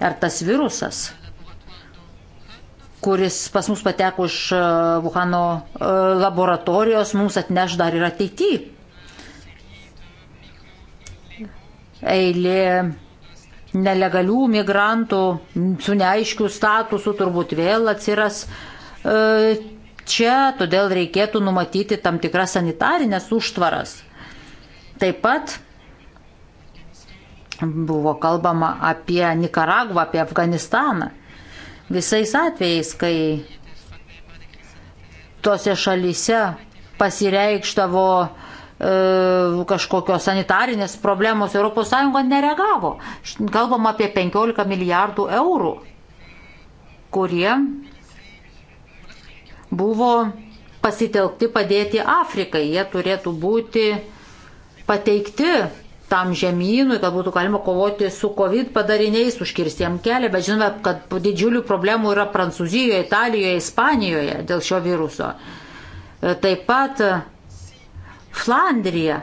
ar tas virusas, kuris pas mus pateko iš Vuhano e, e, laboratorijos, mums atneš dar ir ateityje. Eilė nelegalių migrantų su neaiškiu statusu turbūt vėl atsiras e, čia, todėl reikėtų numatyti tam tikras sanitarinės užtvaras. Taip pat Buvo kalbama apie Nikaragvą, apie Afganistaną. Visais atvejais, kai tose šalyse pasireikštavo e, kažkokios sanitarinės problemos ES nereagavo. Kalbam apie 15 milijardų eurų, kurie buvo pasitelkti padėti Afrikai. Jie turėtų būti pateikti tam žemynui, kad būtų galima kovoti su COVID padariniais, užkirsti jam kelią, bet žinome, kad didžiulių problemų yra Prancūzijoje, Italijoje, Ispanijoje dėl šio viruso. E, taip pat e, Flandrija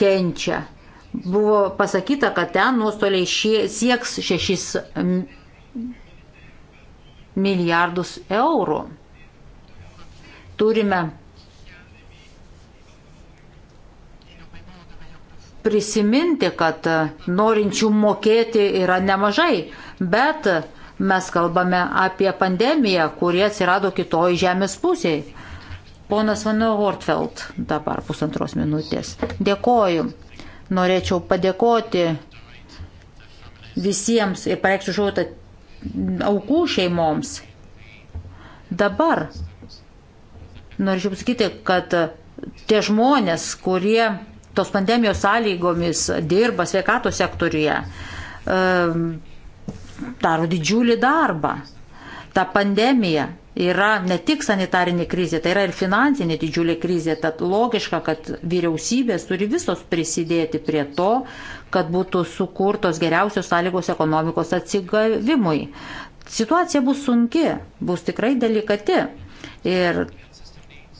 kenčia. Buvo pasakyta, kad ten nuostoliai šie, sieks 6 milijardus eurų. Turime prisiminti, kad e, norinčių mokėti yra nemažai, bet mes kalbame apie pandemiją, kurie atsirado kitoj žemės pusėje. Ponas Vano Hortfeld, dabar pusantros minutės. Dėkoju. Norėčiau padėkoti visiems ir pareikšti žodį aukų šeimoms. Dabar norėčiau pasakyti, kad tie žmonės, kurie tos pandemijos sąlygomis dirba sveikato sektoriuje, daro didžiulį darbą. Ta pandemija yra ne tik sanitarinė krizė, tai yra ir finansinė didžiulė krizė, tad logiška, kad vyriausybės turi visos prisidėti prie to, kad būtų sukurtos geriausios sąlygos ekonomikos atsigavimui. Situacija bus sunki, bus tikrai delikati ir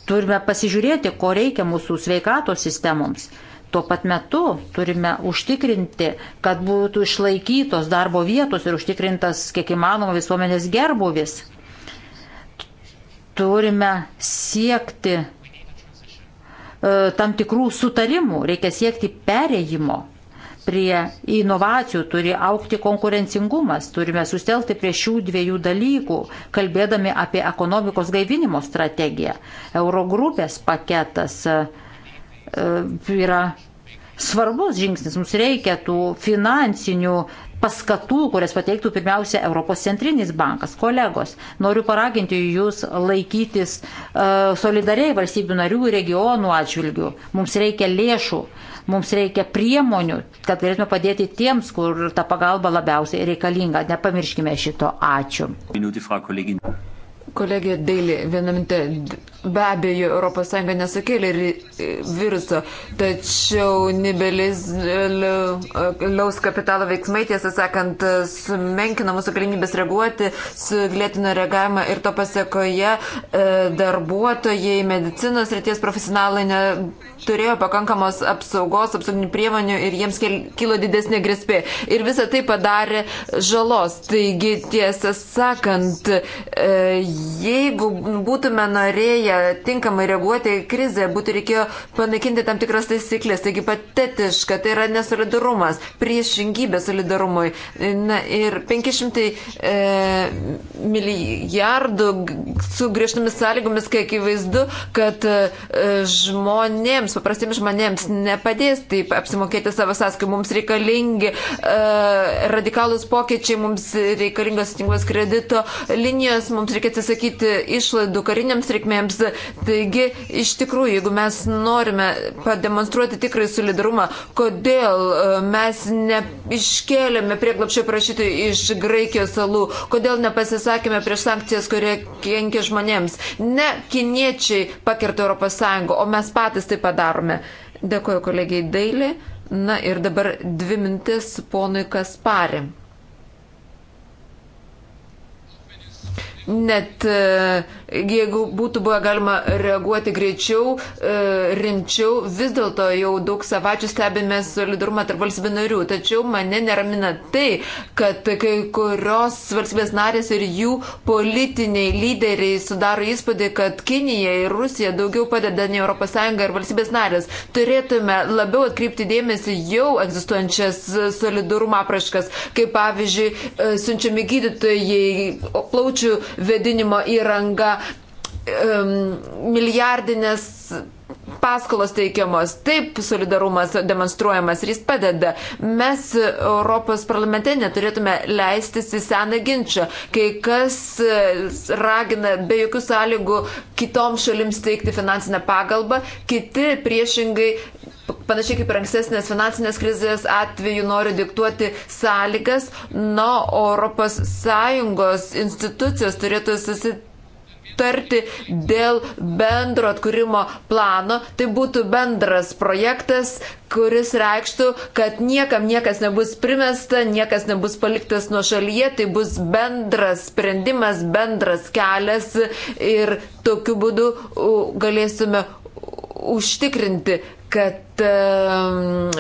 turime pasižiūrėti, ko reikia mūsų sveikatos sistemoms. Tuo pat metu turime užtikrinti, kad būtų išlaikytos darbo vietos ir užtikrintas kiek įmanoma visuomenės gerbuvis. Turime siekti e, tam tikrų sutarimų, reikia siekti perėjimo prie inovacijų, turi aukti konkurencingumas, turime sustelti prie šių dviejų dalykų, kalbėdami apie ekonomikos gaivinimo strategiją. Eurogrupės paketas. E, E, yra svarbus žingsnis. Mums reikia tų finansinių paskatų, kurias pateiktų pirmiausia Europos centrinis bankas. Kolegos, noriu paraginti jūs laikytis uh, solidariai valstybių narių ir regionų atžvilgių. Mums reikia lėšų, mums reikia priemonių, kad galėtume padėti tiems, kur ta pagalba labiausiai reikalinga. Nepamirškime šito. Ačiū. Minutį, fra, Kolegė Daily, vieną mintę, be abejo, ES nesukėlė viruso, tačiau nibeliaus kapitalo veiksmai, tiesą sakant, sumenkino mūsų galimybės reaguoti, suglėtino reagavimą ir to pasiekoje e, darbuotojai, medicinos ryties profesionalai neturėjo pakankamos apsaugos, apsauginių priemonių ir jiems kilo didesnė grėspė. Ir visą tai padarė žalos. Taigi, tiesą sakant, e, Jeigu būtume norėję tinkamai reaguoti į krizę, būtų reikėjo panaikinti tam tikras taisyklės. Taigi patetiška, tai yra nesolidarumas, priešingybė solidarumui. Na, ir 500 e, milijardų su griežtomis sąlygomis, kai akivaizdu, kad e, žmonėms, paprastiems žmonėms nepadės taip apsimokėti savo sąskaitų. Mums reikalingi e, radikalus pokyčiai, mums reikalingos tinklos kredito linijos, mums reikia atsisakyti atsisakyti išlaidų kariniams reikmėms. Taigi, iš tikrųjų, jeigu mes norime pademonstruoti tikrai solidarumą, kodėl e, mes neiškėlėme prieglapšio prašytų iš Graikijos salų, kodėl nepasisakėme prieš sankcijas, kurie kenkia žmonėms. Ne kiniečiai pakerta Europos Sąjungą, o mes patys tai padarome. Dėkuoju kolegiai Dailį. Na ir dabar dvi mintis ponui Kasparim. Net e, jeigu būtų buvę galima reaguoti greičiau, e, rimčiau, vis dėlto jau daug savaičių stebime solidarumą tarp valstybių narių. Tačiau mane neramina tai, kad kai kurios valstybės narės ir jų politiniai lyderiai sudaro įspūdį, kad Kinija ir Rusija daugiau padeda nei ES ir valstybės narės. Turėtume labiau atkreipti dėmesį jau egzistuojančias solidarumo apraškas, kaip pavyzdžiui, e, siunčiami gydytojai plaučių vedinimo įranga, milijardinės paskolos teikiamos, taip solidarumas demonstruojamas ir jis padeda. Mes Europos parlamente neturėtume leistis į seną ginčą, kai kas e, ragina be jokių sąlygų kitoms šalims teikti finansinę pagalbą, kiti priešingai panašiai kaip ir ankstesnės finansinės krizės atveju nori diktuoti sąlygas, na, Europos Sąjungos institucijos turėtų susitikti tarti dėl bendro atkūrimo plano. Tai būtų bendras projektas, kuris reikštų, kad niekam niekas nebus primesta, niekas nebus paliktas nuo šalyje, tai bus bendras sprendimas, bendras kelias ir tokiu būdu galėsime užtikrinti, kad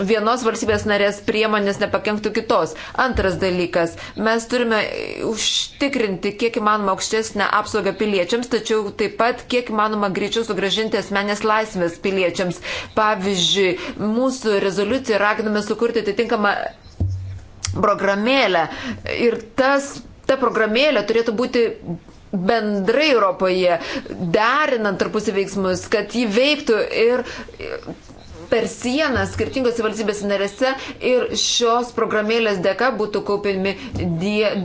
vienos valstybės narės priemonės nepakenktų kitos. Antras dalykas, mes turime užtikrinti kiek įmanoma aukštesnę apsaugą piliečiams, tačiau taip pat kiek įmanoma greičiau sugražinti asmenės laisvės piliečiams. Pavyzdžiui, mūsų rezoliuciją raginame sukurti atitinkamą programėlę ir tas, ta programėlė turėtų būti bendrai Europoje, derinant tarpusį veiksmus, kad jį veiktų ir per sieną skirtingose valstybėse narėse ir šios programėlės dėka būtų kaupiami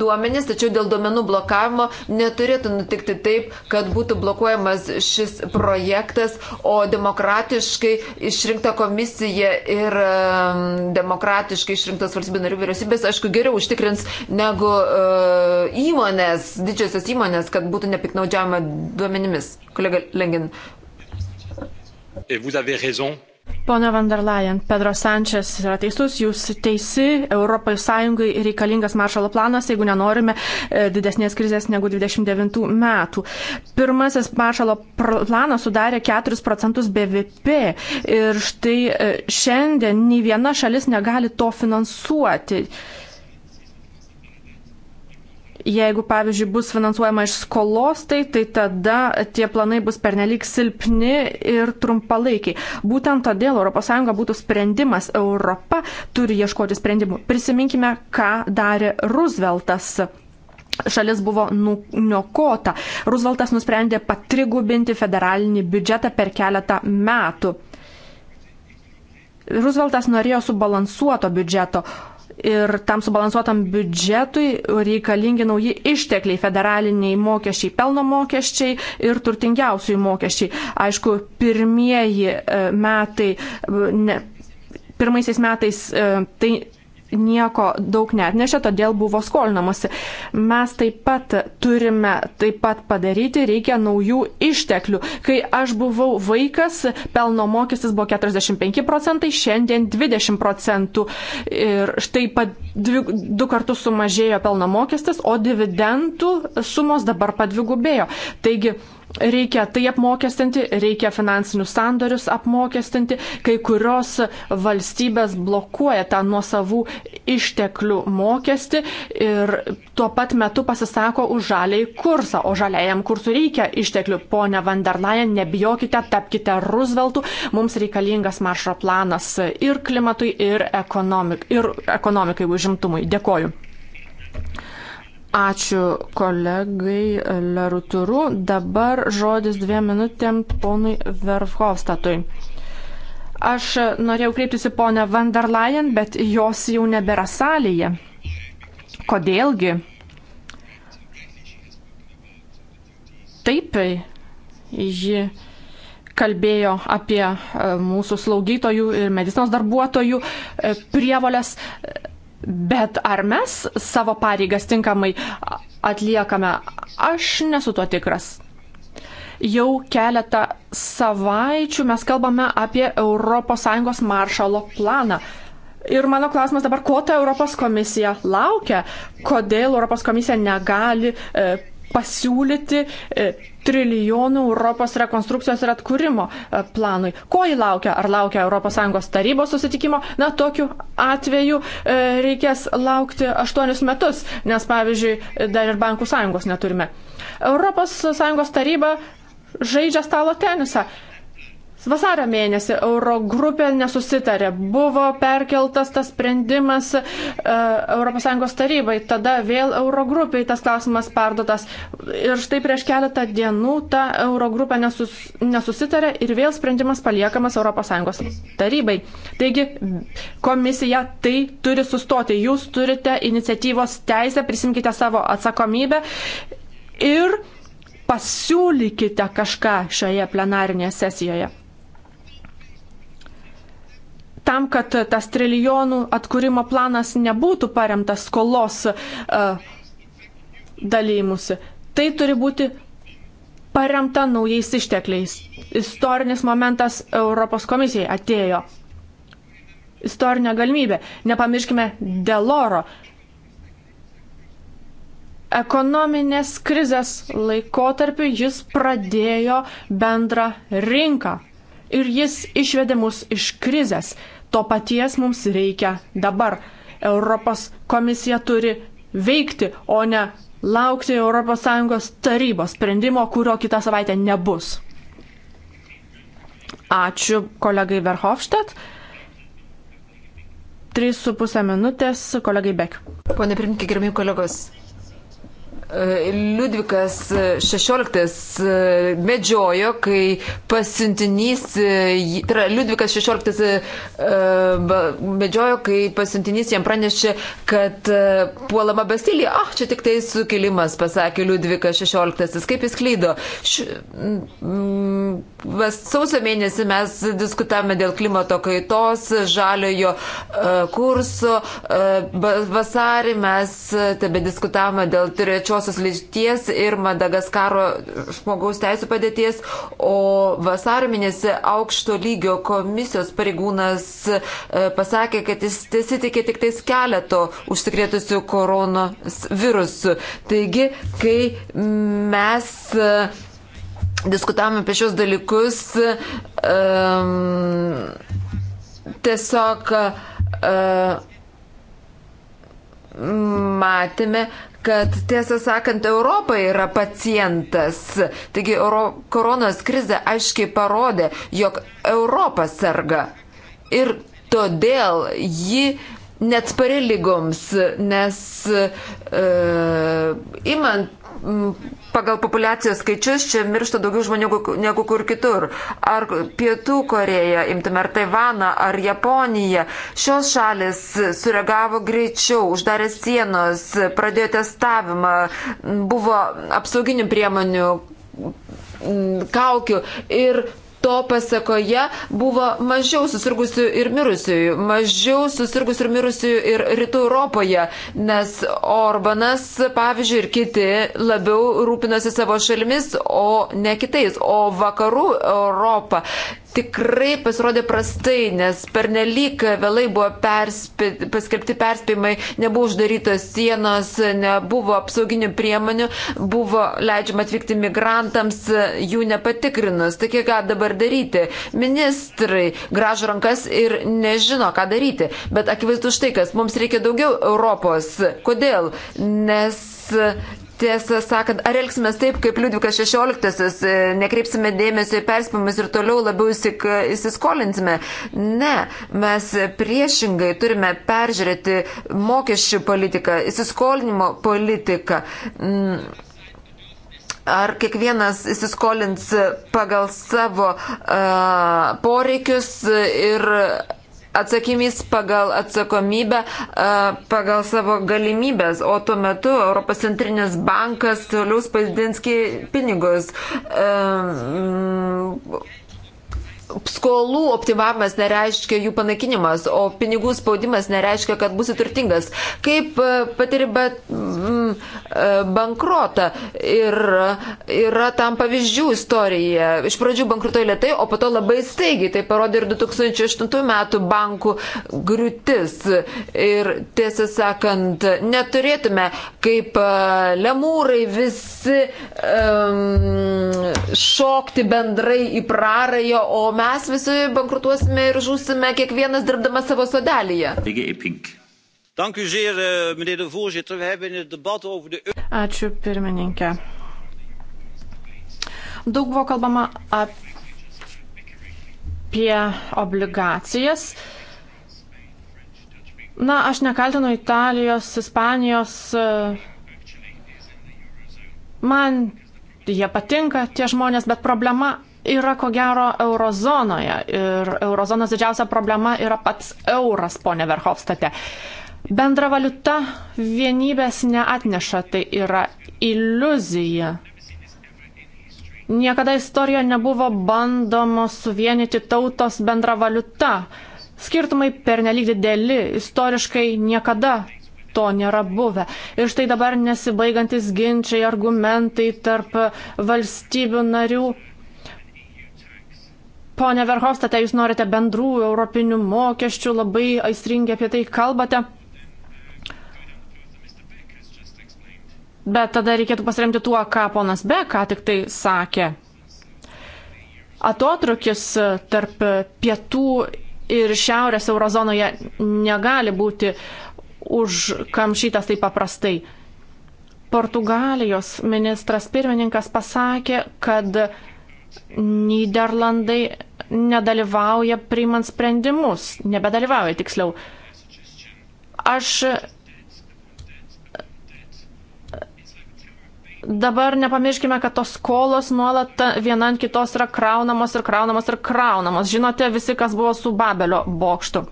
duomenys, tačiau dėl duomenų blokavimo neturėtų nutikti taip, kad būtų blokuojamas šis projektas, o demokratiškai išrinkta komisija ir um, demokratiškai išrinktas valstybių narių vyriausybės, aišku, geriau užtikrins negu uh, įmonės, didžiosios įmonės, kad būtų nepiknaudžiama duomenimis. Kolega Lengin. Et vous avez raison, Pone van der Leyen, Pedro Sančias yra teisus, jūs teisi, ES reikalingas maršalo planas, jeigu nenorime e, didesnės krizės negu 29 metų. Pirmasis maršalo planas sudarė 4 procentus BVP ir štai e, šiandien nei viena šalis negali to finansuoti jeigu, pavyzdžiui, bus finansuojama iš skolos, tai, tai tada tie planai bus pernelyg silpni ir trumpalaikiai. Būtent todėl ES būtų sprendimas. Europa turi ieškoti sprendimų. Prisiminkime, ką darė Rooseveltas šalis buvo nuniokota. Rooseveltas nusprendė patrigubinti federalinį biudžetą per keletą metų. Rooseveltas norėjo subalansuoto biudžeto, ir tam subalansuotam biudžetui reikalingi nauji ištekliai - federaliniai mokesčiai, pelno mokesčiai ir turtingiausiųjų mokesčiai. Aišku, pirmieji e, metai. E, ne, Pirmaisiais metais e, tai nieko daug netnešė, todėl buvo skolinamasi. Mes taip pat turime taip pat padaryti, reikia naujų išteklių. Kai aš buvau vaikas, pelno mokestis buvo 45 procentai, šiandien 20 procentų. Ir štai pat dvi, du kartus sumažėjo pelno mokestis, o dividendų sumos dabar padvigubėjo. Taigi, Reikia tai apmokestinti, reikia finansinius sandorius apmokestinti, kai kurios valstybės blokuoja tą nuosavų išteklių mokestį ir tuo pat metu pasisako už žaliai kursą, o žaliajam kursui reikia išteklių. Pone van der Leyen, nebijokite, tapkite Rooseveltu, mums reikalingas maršo planas ir klimatui, ir, ekonomik, ir ekonomikai užimtumui. Dėkoju. Ačiū kolegai Leruturu. Dabar žodis dviem minutėm ponui Verhofstatui. Aš norėjau kreiptis į ponę Van der Leyen, bet jos jau nebėra salėje. Kodėlgi? Taip, ji kalbėjo apie e, mūsų slaugytojų ir medicinos darbuotojų e, prievolės Bet ar mes savo pareigas tinkamai atliekame, aš nesu tuo tikras. Jau keletą savaičių mes kalbame apie ES maršalo planą. Ir mano klausimas dabar, ko ta Europos komisija laukia, kodėl Europos komisija negali e, pasiūlyti e, trilijonų Europos rekonstrukcijos ir atkūrimo e, planui. Ko jį laukia? Ar laukia ES tarybos susitikimo? Na, tokiu atveju e, reikės laukti aštuonius metus, nes, pavyzdžiui, dar ir bankų sąjungos neturime. ES taryba žaidžia stalo tenisą. Vasario mėnesį Eurogrupė nesusitarė, buvo perkeltas tas sprendimas ES tarybai, tada vėl Eurogrupiai tas klausimas perdotas ir štai prieš keletą dienų ta Eurogrupė nesus, nesusitarė ir vėl sprendimas paliekamas ES tarybai. Taigi komisija tai turi sustoti, jūs turite iniciatyvos teisę, prisimkite savo atsakomybę ir pasiūlykite kažką šioje plenarinėje sesijoje tam, kad tas trilijonų atkūrimo planas nebūtų paremtas skolos uh, dalymusi. Tai turi būti paremta naujais ištekliais. Istorinis momentas Europos komisijai atėjo. Istorinė galimybė. Nepamirškime Deloro. Ekonominės krizės laikotarpiu jis pradėjo bendrą rinką ir jis išvedė mus iš krizės. To paties mums reikia dabar. Europos komisija turi veikti, o ne laukti ES tarybos sprendimo, kurio kitą savaitę nebus. Ačiū kolegai Verhofstadt. 3,5 minutės kolegai Bek. Pone Primkė, gerbimi kolegos, Liudvikas XVI e, medžiojo, kai pasiuntinys, e, tai yra Liudvikas XVI e, medžiojo, kai pasiuntinys jam pranešė, kad puolama Bastilija. Ah, čia tik tai sukilimas, pasakė Liudvikas XVI. Kaip jis klydo? Š... Mm, mm, sausio mėnesį mes diskutavome dėl klimato kaitos, žaliojo kurso. Vasarį mes tebe diskutavome dėl trečios pilkosios lyties ir Madagaskaro žmogaus teisų padėties, o vasario mėnesį aukšto lygio komisijos pareigūnas e, pasakė, kad jis tesitikė tik tais keleto užsikrėtusių koronavirusų. Taigi, kai mes e, diskutavome apie šios dalykus, um, tiesiog uh, matėme, kad tiesą sakant Europa yra pacientas. Taigi Euro koronos krize aiškiai parodė, jog Europa serga. Ir todėl ji netspari lygoms, nes e, imant pagal populiacijos skaičius čia miršta daugiau žmonių negu kur kitur. Ar Pietų Koreja, imtume, ar Taivaną, ar Japoniją. Šios šalis sureagavo greičiau, uždarė sienos, pradėjo testavimą, buvo apsauginių priemonių, kaukių ir to pasakoje buvo mažiau susirgusių ir mirusiųjų, mažiau susirgusių ir mirusiųjų ir rytų Europoje, nes Orbanas, pavyzdžiui, ir kiti labiau rūpinosi savo šalimis, o ne kitais, o vakarų Europą tikrai pasirodė prastai, nes pernelyg vėlai buvo perspė, paskelbti perspėjimai, nebuvo uždarytos sienos, nebuvo apsauginių priemonių, buvo leidžiama atvykti migrantams, jų nepatikrinus. Taigi, ką dabar daryti? Ministrai gražo rankas ir nežino, ką daryti. Bet akivaizdu štai, kas mums reikia daugiau Europos. Kodėl? Nes tiesą sakant, ar elgsime taip, kaip Liudvikas XVI, e, nekreipsime dėmesio į perspėjimus ir toliau labiau įsiskolinsime. Ne, mes priešingai turime peržiūrėti mokesčių politiką, įsiskolinimo politiką. Mm. Ar kiekvienas įsiskolins pagal savo uh, poreikius ir atsakymys pagal atsakomybę, e, pagal savo galimybės, o tuo metu Europos centrinis bankas toliau spausdins pinigus. E, skolų optimavimas nereiškia jų panaikinimas, o pinigų spaudimas nereiškia, kad būsi turtingas. Kaip e, patiri mm, e, bankrotą ir e, yra tam pavyzdžių istorija. Iš pradžių bankrutoja lietai, o po to labai staigiai. Tai parodė ir 2008 metų bankų griūtis. Ir tiesą sakant, neturėtume kaip lemūrai visi um, šokti bendrai į prarąją, o mes visi bankrutuosime ir žūsime kiekvienas dirbdamas savo sodelyje. Eh, Ačiū pirmininkė. Daug buvo kalbama apie obligacijas. Na, aš nekaltinu Italijos, Ispanijos. Eh, man jie patinka, tie žmonės, bet problema yra ko gero eurozonoje ir eurozonos didžiausia problema yra pats euras, ponė Verhofstate. Bendra valiuta vienybės neatneša, tai yra iliuzija. Niekada istorijoje nebuvo bandoma suvienyti tautos bendra valiuta. Skirtumai pernelyg dideli, istoriškai niekada to nėra buvę. Ir štai dabar nesibaigantis ginčiai, argumentai tarp valstybių narių Pone Verhofstate, jūs norite bendrų europinių mokesčių, labai aistringai apie tai kalbate. Bet tada reikėtų pasiremti tuo, ką ponas B. ką tik tai sakė. Atotrukis tarp pietų ir šiaurės eurozonoje negali būti užkamšytas taip paprastai. Portugalijos ministras pirmininkas pasakė, kad Niderlandai nedalyvauja priimant sprendimus, nebedalyvauja tiksliau. Aš dabar nepamirškime, kad tos skolos nuolat viena ant kitos yra kraunamos ir kraunamos ir kraunamos. Žinote visi, kas buvo su Babelio bokštu.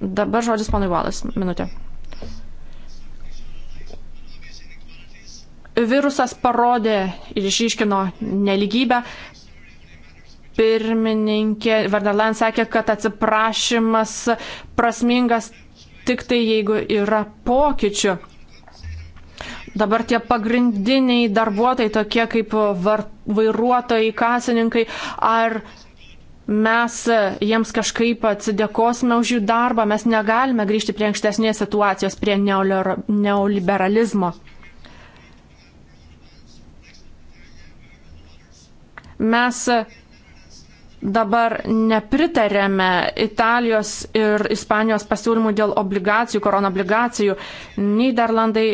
Dabar žodis ponui Valas. Minutė. Virusas parodė ir išiškino neligybę, pirmininkė Vardalan sakė, kad atsiprašymas prasmingas tik tai jeigu yra pokyčių. Dabar tie pagrindiniai darbuotojai, tokie kaip var, vairuotojai, kasininkai, ar mes jiems kažkaip atsidėkosime už jų darbą, mes negalime grįžti prie ankstesnės situacijos, prie neoliberalizmo. Mes dabar nepritarėme Italijos ir Ispanijos pasiūlymų dėl obligacijų, koronabligacijų. Niderlandai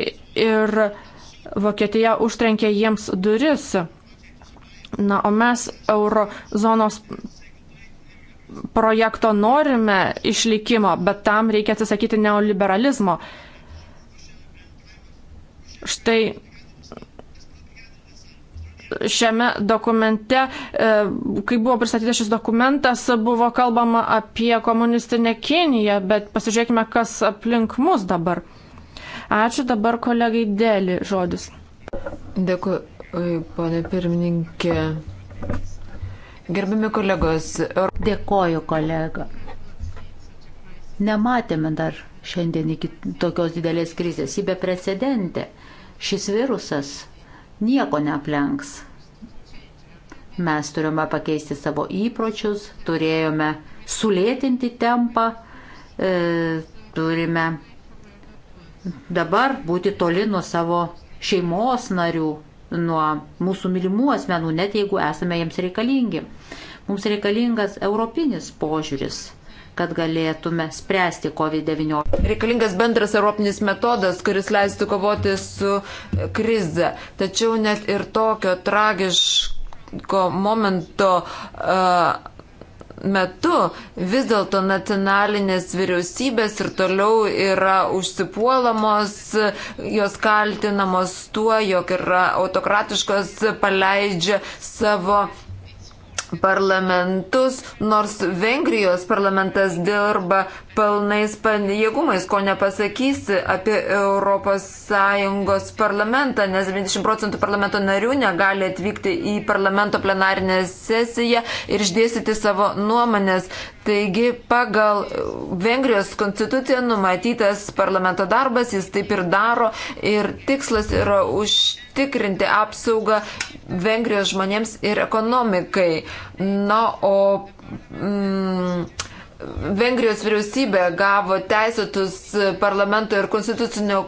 ir Vokietija užtrenkė jiems duris. Na, o mes eurozonos projekto norime išlikimo, bet tam reikia atsisakyti neoliberalizmo. Štai šiame dokumente, e, kai buvo pristatytas šis dokumentas, buvo kalbama apie komunistinę Kiniją, bet pasižiūrėkime, kas aplink mus dabar. Ačiū dabar kolegai Dėlį žodis. Dėkui, ponė pirmininkė. Gerbimi kolegos. Dėkoju, kolega. Nematėme dar šiandien iki tokios didelės krizės. Ji beprecedentė. Šis virusas nieko neaplenks. Mes turime pakeisti savo įpročius, turėjome sulėtinti tempą, e, turime dabar būti toli nuo savo šeimos narių, nuo mūsų mylimų asmenų, net jeigu esame jiems reikalingi. Mums reikalingas europinis požiūris kad galėtume spręsti COVID-19. Reikalingas bendras europinis metodas, kuris leistų kovoti su krize. Tačiau net ir tokio tragiško momento uh, metu vis dėlto nacionalinės vyriausybės ir toliau yra užsipuolamos, jos kaltinamos tuo, jog yra autokratiškos, paleidžia savo parlamentus, nors Vengrijos parlamentas dirba pilnais panėgumais, ko nepasakysi apie ES parlamentą, nes 90 procentų parlamento narių negali atvykti į parlamento plenarinę sesiją ir išdėstyti savo nuomonės. Taigi pagal Vengrijos konstituciją numatytas parlamento darbas, jis taip ir daro ir tikslas yra užtikrinti apsaugą Vengrijos žmonėms ir ekonomikai. Na, o. Mm, Vengrijos vyriausybė gavo teisėtus parlamento ir konstitucinio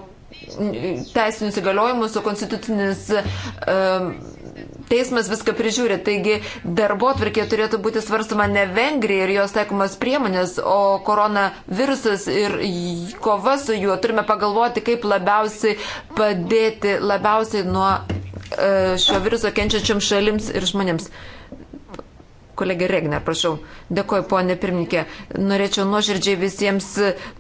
teisinius įgaliojimus, o konstitucinis um, teismas viską prižiūri. Taigi darbo atvarkė turėtų būti svarstama ne Vengrija ir jos taikomas priemonės, o koronavirusas ir kova su juo. Turime pagalvoti, kaip labiausiai padėti labiausiai nuo uh, šio viruso kenčiančiam šalims ir žmonėms. Uh, Kolegė Regner, prašau. Dėkoju, ponė pirmininkė. Norėčiau nuoširdžiai visiems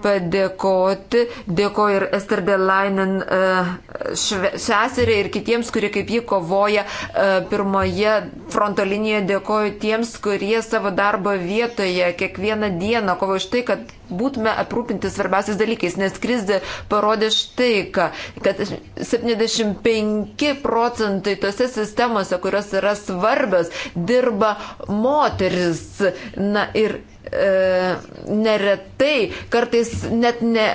padėkoti. Dėkoju ir Ester Delainen e, seseriai ir kitiems, kurie kaip jį kovoja e, pirmoje fronto linijoje. Dėkoju tiems, kurie savo darbo vietoje kiekvieną dieną kovoja už tai, kad būtume aprūpinti svarbiausiais dalykais, nes krizė parodė štai, kad 75 procentai tose sistemose, kurios yra svarbios, dirba moteris moteris. Na ir e, neretai kartais net ne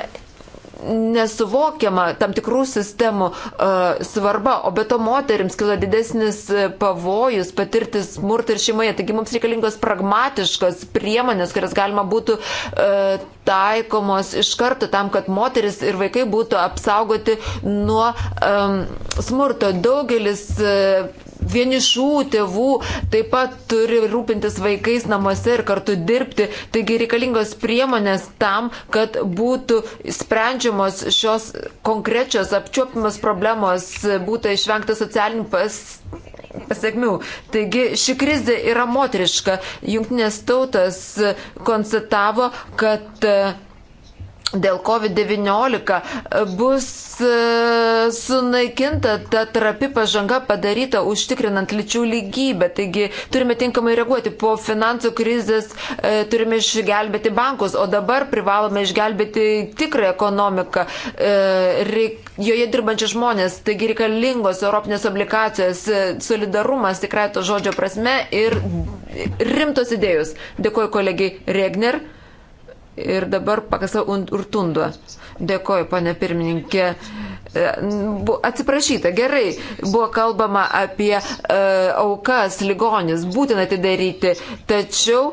nesuvokiama tam tikrų sistemų uh, svarba, o be to moteriams kila didesnis e, pavojus patirti smurtą ir šeimoje. Taigi mums reikalingos pragmatiškos priemonės, kurias galima būtų uh, taikomos iš karto tam, kad moteris ir vaikai būtų apsaugoti nuo um, smurto. Daugelis uh, vienišų tėvų taip pat turi rūpintis vaikais namuose ir kartu dirbti. Taigi reikalingos priemonės tam, kad būtų sprendžiamos šios konkrečios apčiuopimas problemos, būtų išvengta socialinių pas pasiekmių. Taigi ši krizė yra moteriška. Junktinės tautas konstatavo, kad dėl COVID-19 bus e, sunaikinta ta trapi pažanga padaryta užtikrinant lyčių lygybę. Taigi turime tinkamai reaguoti. Po finansų krizės e, turime išgelbėti bankus, o dabar privalome išgelbėti tikrą ekonomiką, e, reik, joje dirbančią žmonės. Taigi reikalingos europinės obligacijos, e, solidarumas tikrai to žodžio prasme ir rimtos idėjos. Dėkuoju kolegiai Regner ir dabar pakasa urtundo. Dėkoju, ponė pirmininkė. E, atsiprašyta, gerai, buvo kalbama apie uh, aukas, ligonis, būtina atidaryti, tačiau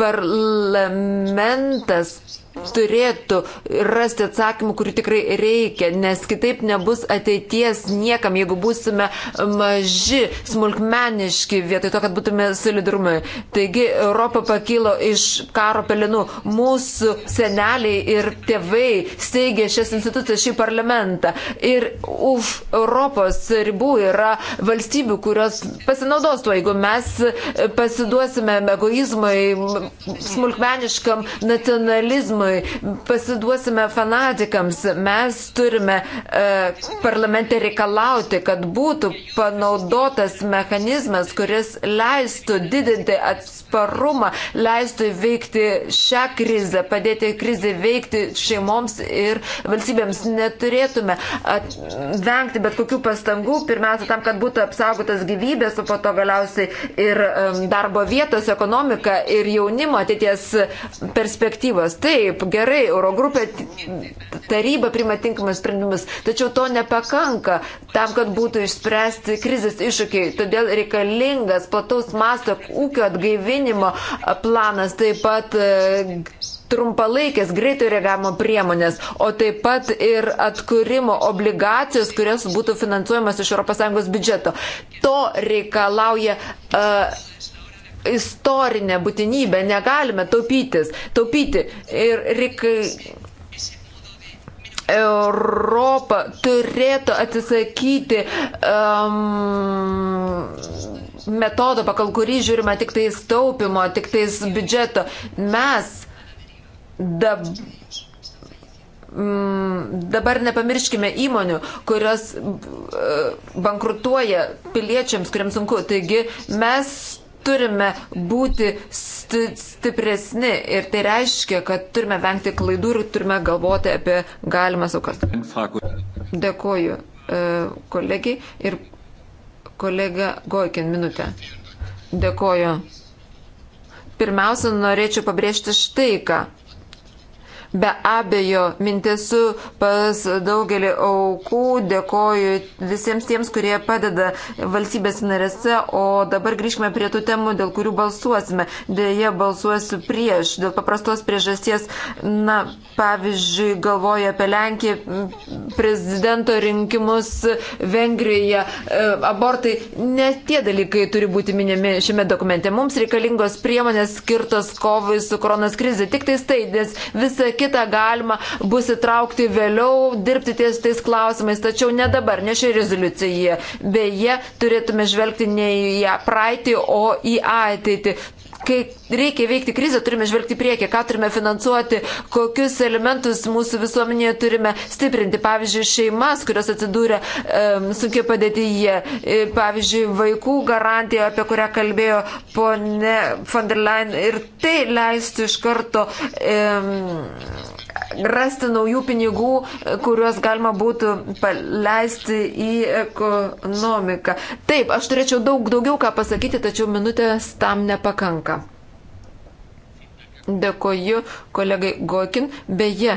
parlamentas turėtų rasti atsakymų, kurių tikrai reikia, nes kitaip nebus ateities niekam, jeigu būsime maži, smulkmeniški, vietoj to, kad būtume solidarumai. Taigi Europa pakilo iš karo pelinų. Mūsų seneliai ir tėvai steigė šias institucijas, šį parlamentą. Ir už Europos ribų yra valstybių, kurios pasinaudos tuo, jeigu mes pasiduosime egoizmui, smulkmeniškam nacionalizmui populizmui, pasiduosime fanatikams. Mes turime e, parlamente reikalauti, kad būtų panaudotas mechanizmas, kuris leistų didinti atsparumą, leistų veikti šią krizę, padėti krizį veikti šeimoms ir valstybėms. Neturėtume at, vengti bet kokių pastangų, pirmiausia tam, kad būtų apsaugotas gyvybės, o po to galiausiai ir um, darbo vietos ekonomika ir jaunimo ateities perspektyvos. Taip, taip, gerai, Eurogrupė taryba prima tinkamas sprendimus, tačiau to nepakanka tam, kad būtų išspręsti krizės iššūkiai. Todėl reikalingas plataus masto ūkio atgaivinimo planas, taip pat e, trumpalaikės greito reagavimo priemonės, o taip pat ir atkūrimo obligacijos, kurios būtų finansuojamas iš ES biudžeto. To reikalauja uh, istorinė būtinybė, negalime taupytis, taupyti. Ir reikia. Europa turėtų atsisakyti um, metodo, pakal kurį žiūrima tik tais taupimo, tik tais biudžeto. Mes dab, mm, dabar nepamirškime įmonių, kurios uh, bankrutuoja piliečiams, kuriems sunku. Taigi mes turime būti sti stipresni ir tai reiškia, kad turime vengti klaidų ir turime galvoti apie galimas aukas. Dėkoju e, kolegiai ir kolega Gojkin minutę. Dėkoju. Pirmiausia, norėčiau pabrėžti štai ką. Be abejo, mintis su pas daugelį aukų, dėkoju visiems tiems, kurie padeda valstybės narėse, o dabar grįžkime prie tų temų, dėl kurių balsuosime. Dėje balsuosiu prieš, dėl paprastos priežasties, na, pavyzdžiui, galvoju apie Lenkiją, prezidento rinkimus Vengrijoje, abortai, ne tie dalykai turi būti minimi šiame dokumente. Mums reikalingos priemonės skirtos kovai su koronas krize, tik tais tai, nes visa kita kitą galima bus įtraukti vėliau, dirbti ties tais klausimais, tačiau ne dabar, ne šioje rezoliucijoje. Beje, turėtume žvelgti ne į praeitį, o į ateitį kai reikia veikti krizę, turime žvelgti priekį, ką turime finansuoti, kokius elementus mūsų visuomenėje turime stiprinti. Pavyzdžiui, šeimas, kurios atsidūrė um, sunkiai padėtyje. E, pavyzdžiui, vaikų garantija, apie kurią kalbėjo ponė von der Leyen. Ir tai leistų iš karto um, rasti naujų pinigų, kuriuos galima būtų paleisti į ekonomiką. Taip, aš turėčiau daug daugiau ką pasakyti, tačiau minutės tam nepakanka. Dėkoju kolegai Gokin. Beje,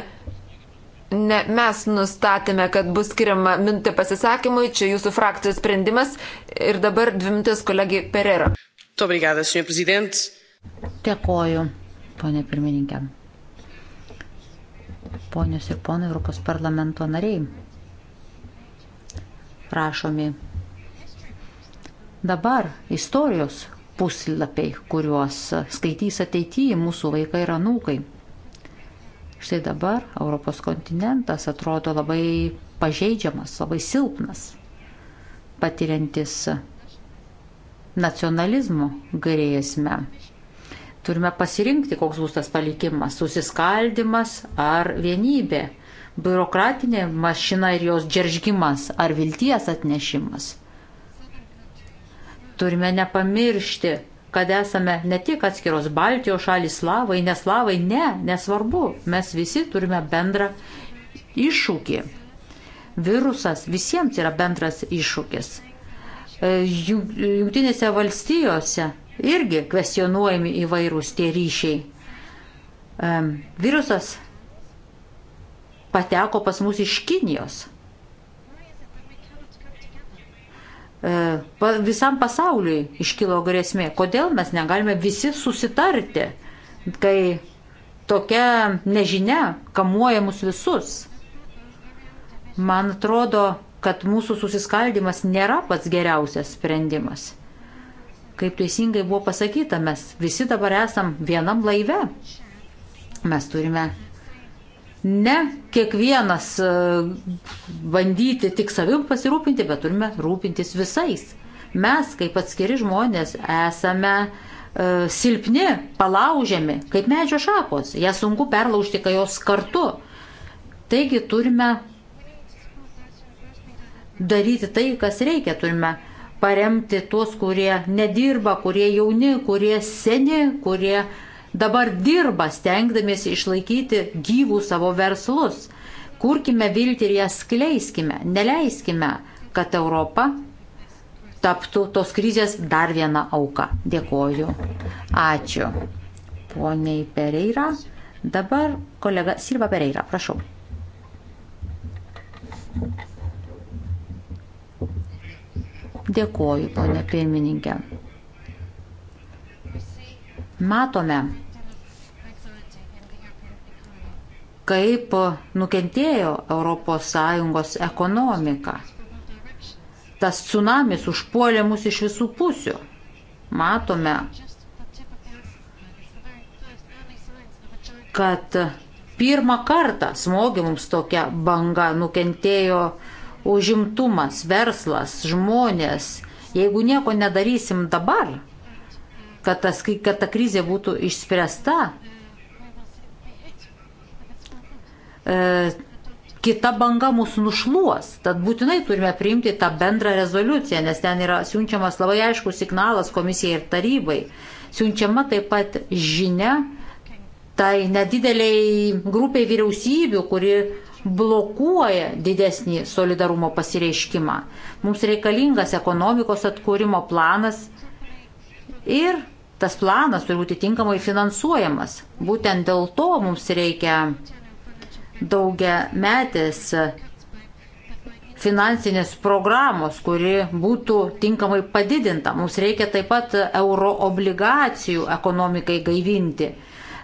ne mes nustatėme, kad bus skiriama minutė pasisakymui, čia jūsų frakcijos sprendimas ir dabar dvi minutės kolegai Perera. Obrigada, Dėkoju, ponė pirmininkė ponios ir ponai Europos parlamento nariai. Rašomi dabar istorijos puslapiai, kuriuos skaitys ateityje mūsų vaikai ir anūkai. Štai dabar Europos kontinentas atrodo labai pažeidžiamas, labai silpnas, patiriantis nacionalizmo grėsmę Turime pasirinkti, koks bus tas palikimas - susiskaldimas ar vienybė, biurokratinė mašina ir jos džeržgimas ar vilties atnešimas. Turime nepamiršti, kad esame ne tik atskiros Baltijos šalys slavai, neslavai, ne, nesvarbu, mes visi turime bendrą iššūkį. Virusas visiems yra bendras iššūkis. E, jungtinėse valstijose irgi kvestionuojami įvairūs tie ryšiai. Virusas pateko pas mus iš Kinijos. E, visam pasauliui iškilo grėsmė. Kodėl mes negalime visi susitarti, kai tokia nežinia kamuoja mus visus? Man atrodo, kad mūsų susiskaldimas nėra pats geriausias sprendimas. Kaip teisingai buvo pasakyta, mes visi dabar esam vienam laive. Mes turime ne kiekvienas e, bandyti tik savim pasirūpinti, bet turime rūpintis visais. Mes, kaip atskiri žmonės, esame uh, silpni, palaužiami, kaip medžio šakos. Ją sunku perlaužti, kai jos kartu. Taigi turime daryti tai, kas reikia. Turime paremti tuos, kurie nedirba, kurie jauni, kurie seni, kurie dabar dirba, stengdamiesi išlaikyti gyvų savo verslus. Kurkime viltį ir ją skleiskime, neleiskime, kad Europa taptų tos krizės dar viena auka. Dėkoju. Ačiū. Poniai Pereira. Dabar kolega Silva Pereira, prašau. Dėkoju, ponė pirmininkė. Matome, kaip nukentėjo ES ekonomika. Tas tsunamis užpuolė mus iš visų pusių. Matome, kad pirmą kartą smogė mums tokia banga, nukentėjo užimtumas, verslas, žmonės. Jeigu nieko nedarysim dabar, kad, tas, kad ta krizė būtų išspręsta, e, kita banga mūsų nušluos. Tad būtinai turime priimti tą bendrą rezoliuciją, nes ten yra siunčiamas labai aiškus signalas komisijai ir tarybai. Siunčiama taip pat žinia tai nedideliai grupiai vyriausybių, kuri blokuoja didesnį solidarumo pasireiškimą. Mums reikalingas ekonomikos atkūrimo planas ir tas planas turi būti tinkamai finansuojamas. Būtent dėl to mums reikia daugia metės finansinės programos, kuri būtų tinkamai padidinta. Mums reikia taip pat euro obligacijų ekonomikai gaivinti.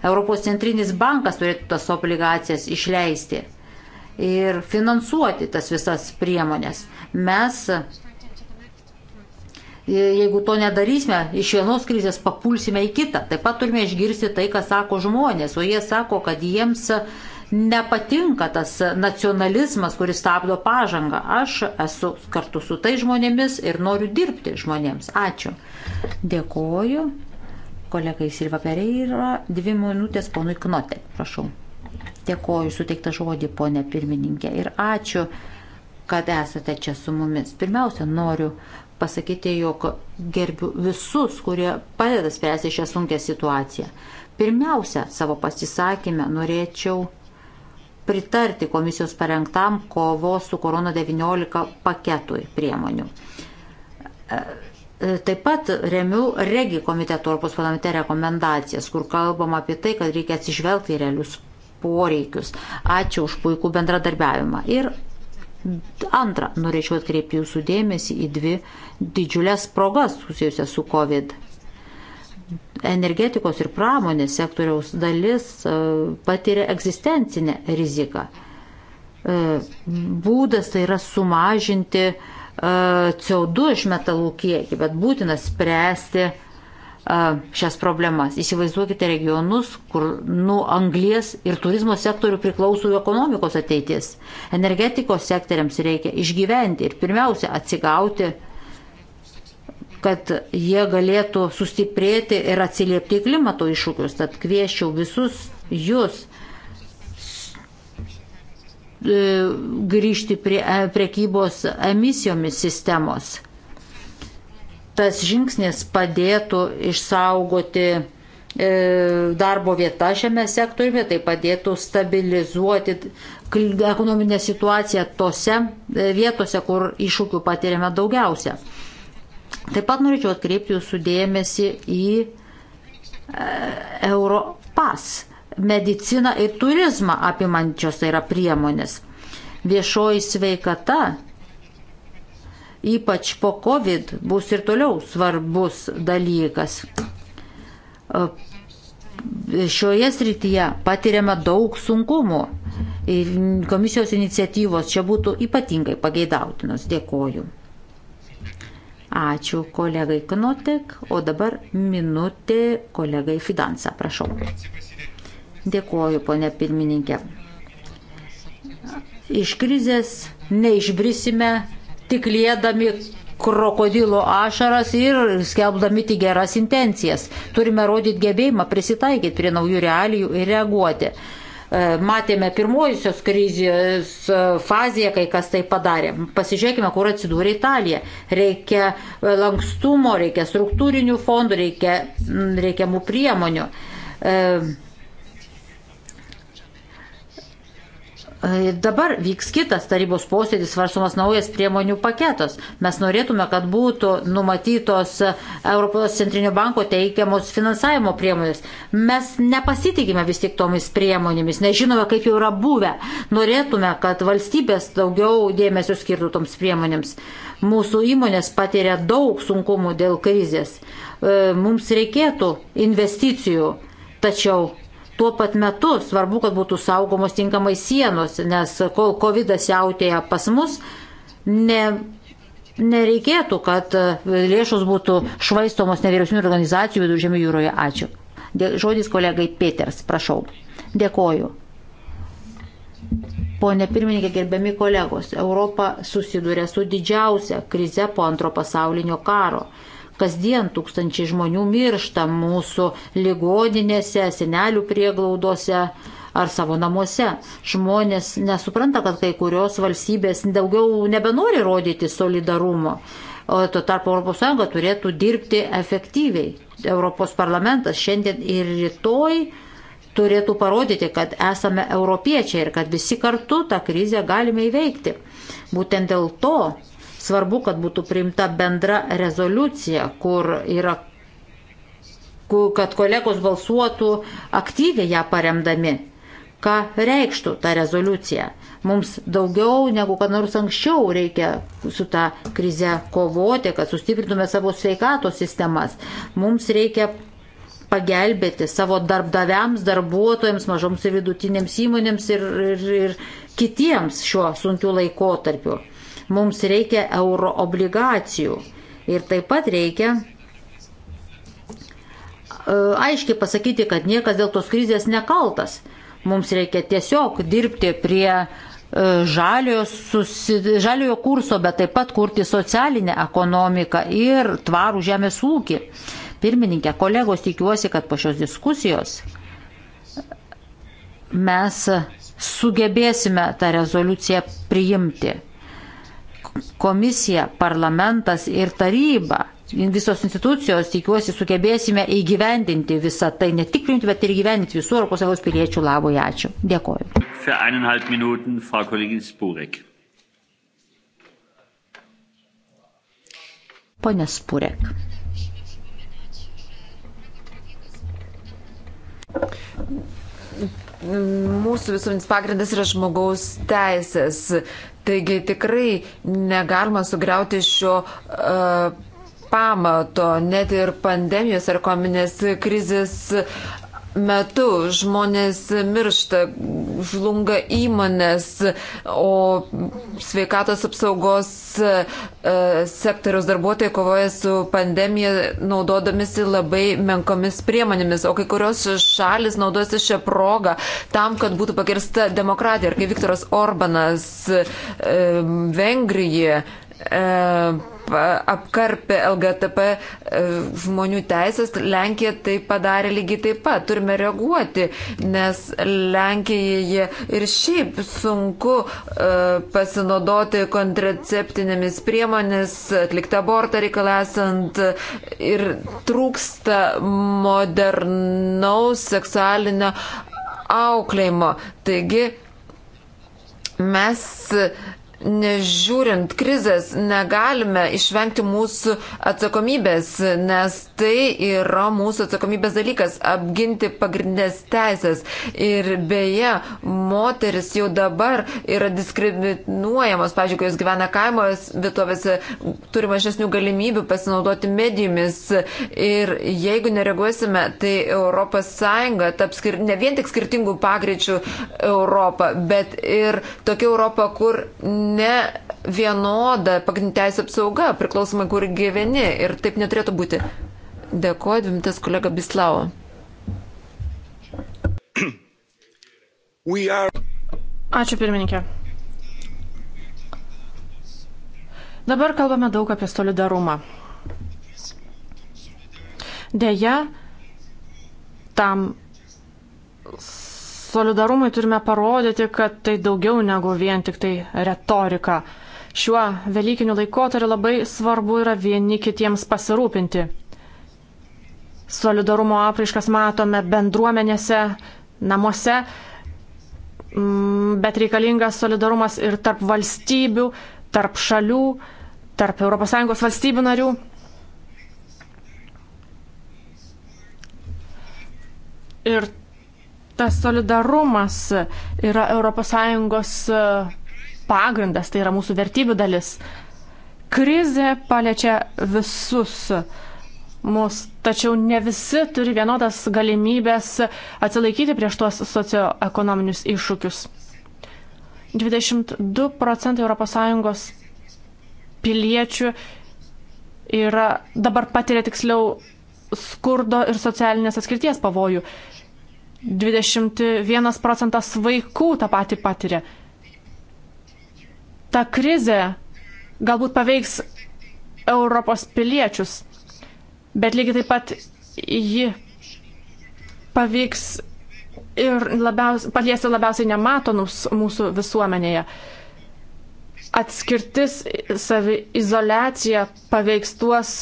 Europos centrinis bankas turėtų tas obligacijas išleisti ir finansuoti tas visas priemonės. Mes, e, jeigu to nedarysime, iš vienos krizės papulsime į kitą. Taip pat turime išgirsti tai, ką sako žmonės, o jie sako, kad jiems nepatinka tas nacionalizmas, kuris stabdo pažangą. Aš esu kartu su tai žmonėmis ir noriu dirbti žmonėms. Ačiū. Dėkoju. Kolegai Silva Pereira, dvi minutės ponui Knote. Prašau. Dėkoju suteiktą žodį, ponė pirmininkė, ir ačiū, kad esate čia su mumis. Pirmiausia, noriu pasakyti, jog gerbiu visus, kurie padeda spręsti šią sunkę situaciją. Pirmiausia, savo pasisakymę norėčiau pritarti komisijos parengtam kovos su korona-19 paketui priemonių. E, e, taip pat remiu Regi komiteto Europos parlamente rekomendacijas, kur kalbama apie tai, kad reikia atsižvelgti į realius poreikius. Ačiū už puikų bendradarbiavimą. Ir antra, norėčiau atkreipti jūsų dėmesį į dvi didžiulės progas susijusias su COVID. Energetikos ir pramonės sektoriaus dalis e, patiria egzistencinę riziką. E, būdas tai yra sumažinti e, CO2 išmetalų kiekį, bet būtina spręsti šias problemas. Įsivaizduokite regionus, kur nuo anglies ir turizmo sektorių priklauso jų ekonomikos ateitis. Energetikos sektoriams reikia išgyventi ir pirmiausia atsigauti, kad jie galėtų sustiprėti ir atsiliepti į klimato iššūkius. Tad kvieščiau visus jūs e, grįžti prie e, prekybos emisijomis sistemos tas žingsnis padėtų išsaugoti e, darbo vieta šiame sektoriuje, tai padėtų stabilizuoti ekonominę situaciją tose e, vietose, kur iššūkių patiriame daugiausia. Taip pat norėčiau atkreipti jūsų dėmesį į e, Europas mediciną ir turizmą apimančios tai yra priemonės. Viešoji sveikata ypač po COVID, bus ir toliau svarbus dalykas. E, šioje srityje patiriama daug sunkumų ir komisijos iniciatyvos čia būtų ypatingai pageidautinos. Dėkoju. Ačiū kolegai Knotek, o dabar minutė kolegai Fidansa, prašau. Dėkoju, ponė pirmininkė. Iš krizės neišbrisime tik lėdami krokodilo ašaras ir skelbdami tik geras intencijas. Turime rodyti gebėjimą prisitaikyti prie naujų realijų ir reaguoti. E, matėme pirmojosios krizės e, fazėje, kai kas tai padarė. Pasižiūrėkime, kur atsidūrė Italija. Reikia e, lankstumo, reikia struktūrinių fondų, reikia reikiamų priemonių. E, E, dabar vyks kitas tarybos posėdis, svarstomas naujas priemonių paketas. Mes norėtume, kad būtų numatytos Europos centrinio banko teikiamos finansavimo priemonės. Mes nepasitikime vis tik tomis priemonėmis, nežinome, kaip jau yra buvę. Norėtume, kad valstybės daugiau dėmesio skirtų toms priemonėms. Mūsų įmonės patiria daug sunkumų dėl krizės. E, mums reikėtų investicijų, tačiau Tuo pat metu svarbu, kad būtų saugomos tinkamai sienos, nes kol COVID siautėja pas mus, ne, nereikėtų, kad lėšos būtų švaistomos nevyriausybinių organizacijų viduržėmių jūroje. Ačiū. Žodis kolegai Peters, prašau. Dėkoju. Pone pirmininkė, gerbiami kolegos, Europa susiduria su didžiausia krize po antro pasaulinio karo. Kasdien tūkstančiai žmonių miršta mūsų ligoninėse, senelių prieglaudose ar savo namuose. Žmonės nesupranta, kad kai kurios valstybės daugiau nebenori rodyti solidarumo. O tuo tarpu ES turėtų dirbti efektyviai. Europos parlamentas šiandien ir rytoj turėtų parodyti, kad esame europiečiai ir kad visi kartu tą krizę galime įveikti. Būtent dėl to Svarbu, kad būtų priimta bendra rezoliucija, kur yra, kad kolegos balsuotų aktyviai ją paremdami. Ką reikštų ta rezoliucija? Mums daugiau negu kad nors anksčiau reikia su tą krize kovoti, kad sustiprintume savo sveikatos sistemas. Mums reikia pagelbėti savo darbdaviams, darbuotojams, mažoms ir vidutinėms įmonėms ir, ir, ir kitiems šiuo sunkiu laikotarpiu. Mums reikia euro obligacijų ir taip pat reikia e, aiškiai pasakyti, kad niekas dėl tos krizės nekaltas. Mums reikia tiesiog dirbti prie e, žaliojo, susi, žaliojo kurso, bet taip pat kurti socialinę ekonomiką ir tvarų žemės ūkį. Pirmininkė, kolegos, tikiuosi, kad po šios diskusijos mes sugebėsime tą rezoliuciją priimti komisija, parlamentas ir taryba, visos institucijos, tikiuosi, sugebėsime įgyvendinti visą tai, ne tik priimti, bet ir įgyvendinti visų ES piliečių labui. Ačiū. Dėkoju. Minuten, Pone Spurek mūsų visuomenės pagrindas yra žmogaus teisės. Taigi tikrai negalima sugriauti šio uh, pamato, net ir pandemijos ar kominės krizės uh, metu žmonės miršta, žlunga įmonės, o sveikatos apsaugos e, sektoriaus darbuotojai kovoja su pandemija naudodamisi labai menkomis priemonėmis, o kai kurios šalis naudosi šią progą tam, kad būtų pakirsta demokratija. Ir kai Viktoras Orbanas e, Vengrijoje apkarpė LGTB e, žmonių teisės, Lenkija tai padarė lygiai taip pat. Turime reaguoti, nes Lenkijoje ir šiaip sunku e, pasinaudoti kontraceptinėmis priemonėmis, atlikti abortą reikalasant ir trūksta modernaus seksualinio auklėjimo. Taigi mes nežiūrint krizės, negalime išvengti mūsų atsakomybės, nes tai yra mūsų atsakomybės dalykas - apginti pagrindinės teisės. Ir beje, moteris jau dabar yra diskriminuojamos, pažiūrėjau, kai jos gyvena kaimo vietovėse, turi mažesnių galimybių pasinaudoti medijomis. Ir jeigu nereaguosime, tai ES taps skir... ne vien tik skirtingų pagreičių Europą, bet ir tokia Europa, kur ne vienoda pagrindinė teisė apsauga, priklausomai kur gyveni ir taip neturėtų būti. Dėkuoju, dvimtas kolega Bislavo. Are... Ačiū pirmininkė. Dabar kalbame daug apie solidarumą. Deja, tam solidarumui turime parodyti, kad tai daugiau negu vien tik tai retorika. Šiuo Velykiniu laikotarpiu labai svarbu yra vieni kitiems pasirūpinti. Solidarumo apraiškas matome bendruomenėse, namuose, mm, bet reikalingas solidarumas ir tarp valstybių, tarp šalių, tarp ES valstybių narių. Ir tas solidarumas yra ES e, pagrindas, tai yra mūsų vertybių dalis. Krizė paliečia visus mus, tačiau ne visi turi vienodas galimybės atsilaikyti prieš tuos socioekonominius iššūkius. 22 procentai ES piliečių yra dabar patiria tiksliau skurdo ir socialinės atskirties pavojų. 21 procentas vaikų tą patį patiria. Ta krizė galbūt paveiks Europos piliečius, bet lygiai taip pat ji paveiks ir labiaus, paliesti labiausiai nematomus mūsų visuomenėje. Atskirtis, saviizolacija paveiks tuos,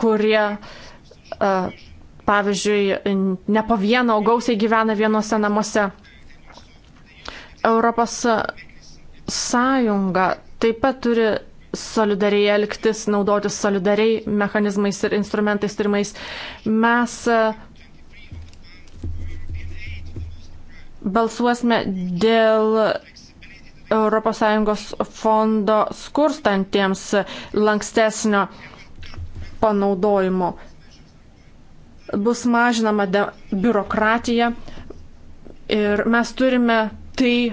kurie uh, pavyzdžiui, ne po vieną, o gausiai gyvena vienose namuose. Europos Sąjunga taip pat turi solidariai elgtis, naudotis solidariai mechanizmais ir instrumentais turimais. Mes uh, balsuosime dėl ES fondo skurstantiems lankstesnio panaudojimo bus mažinama biurokratija ir mes turime tai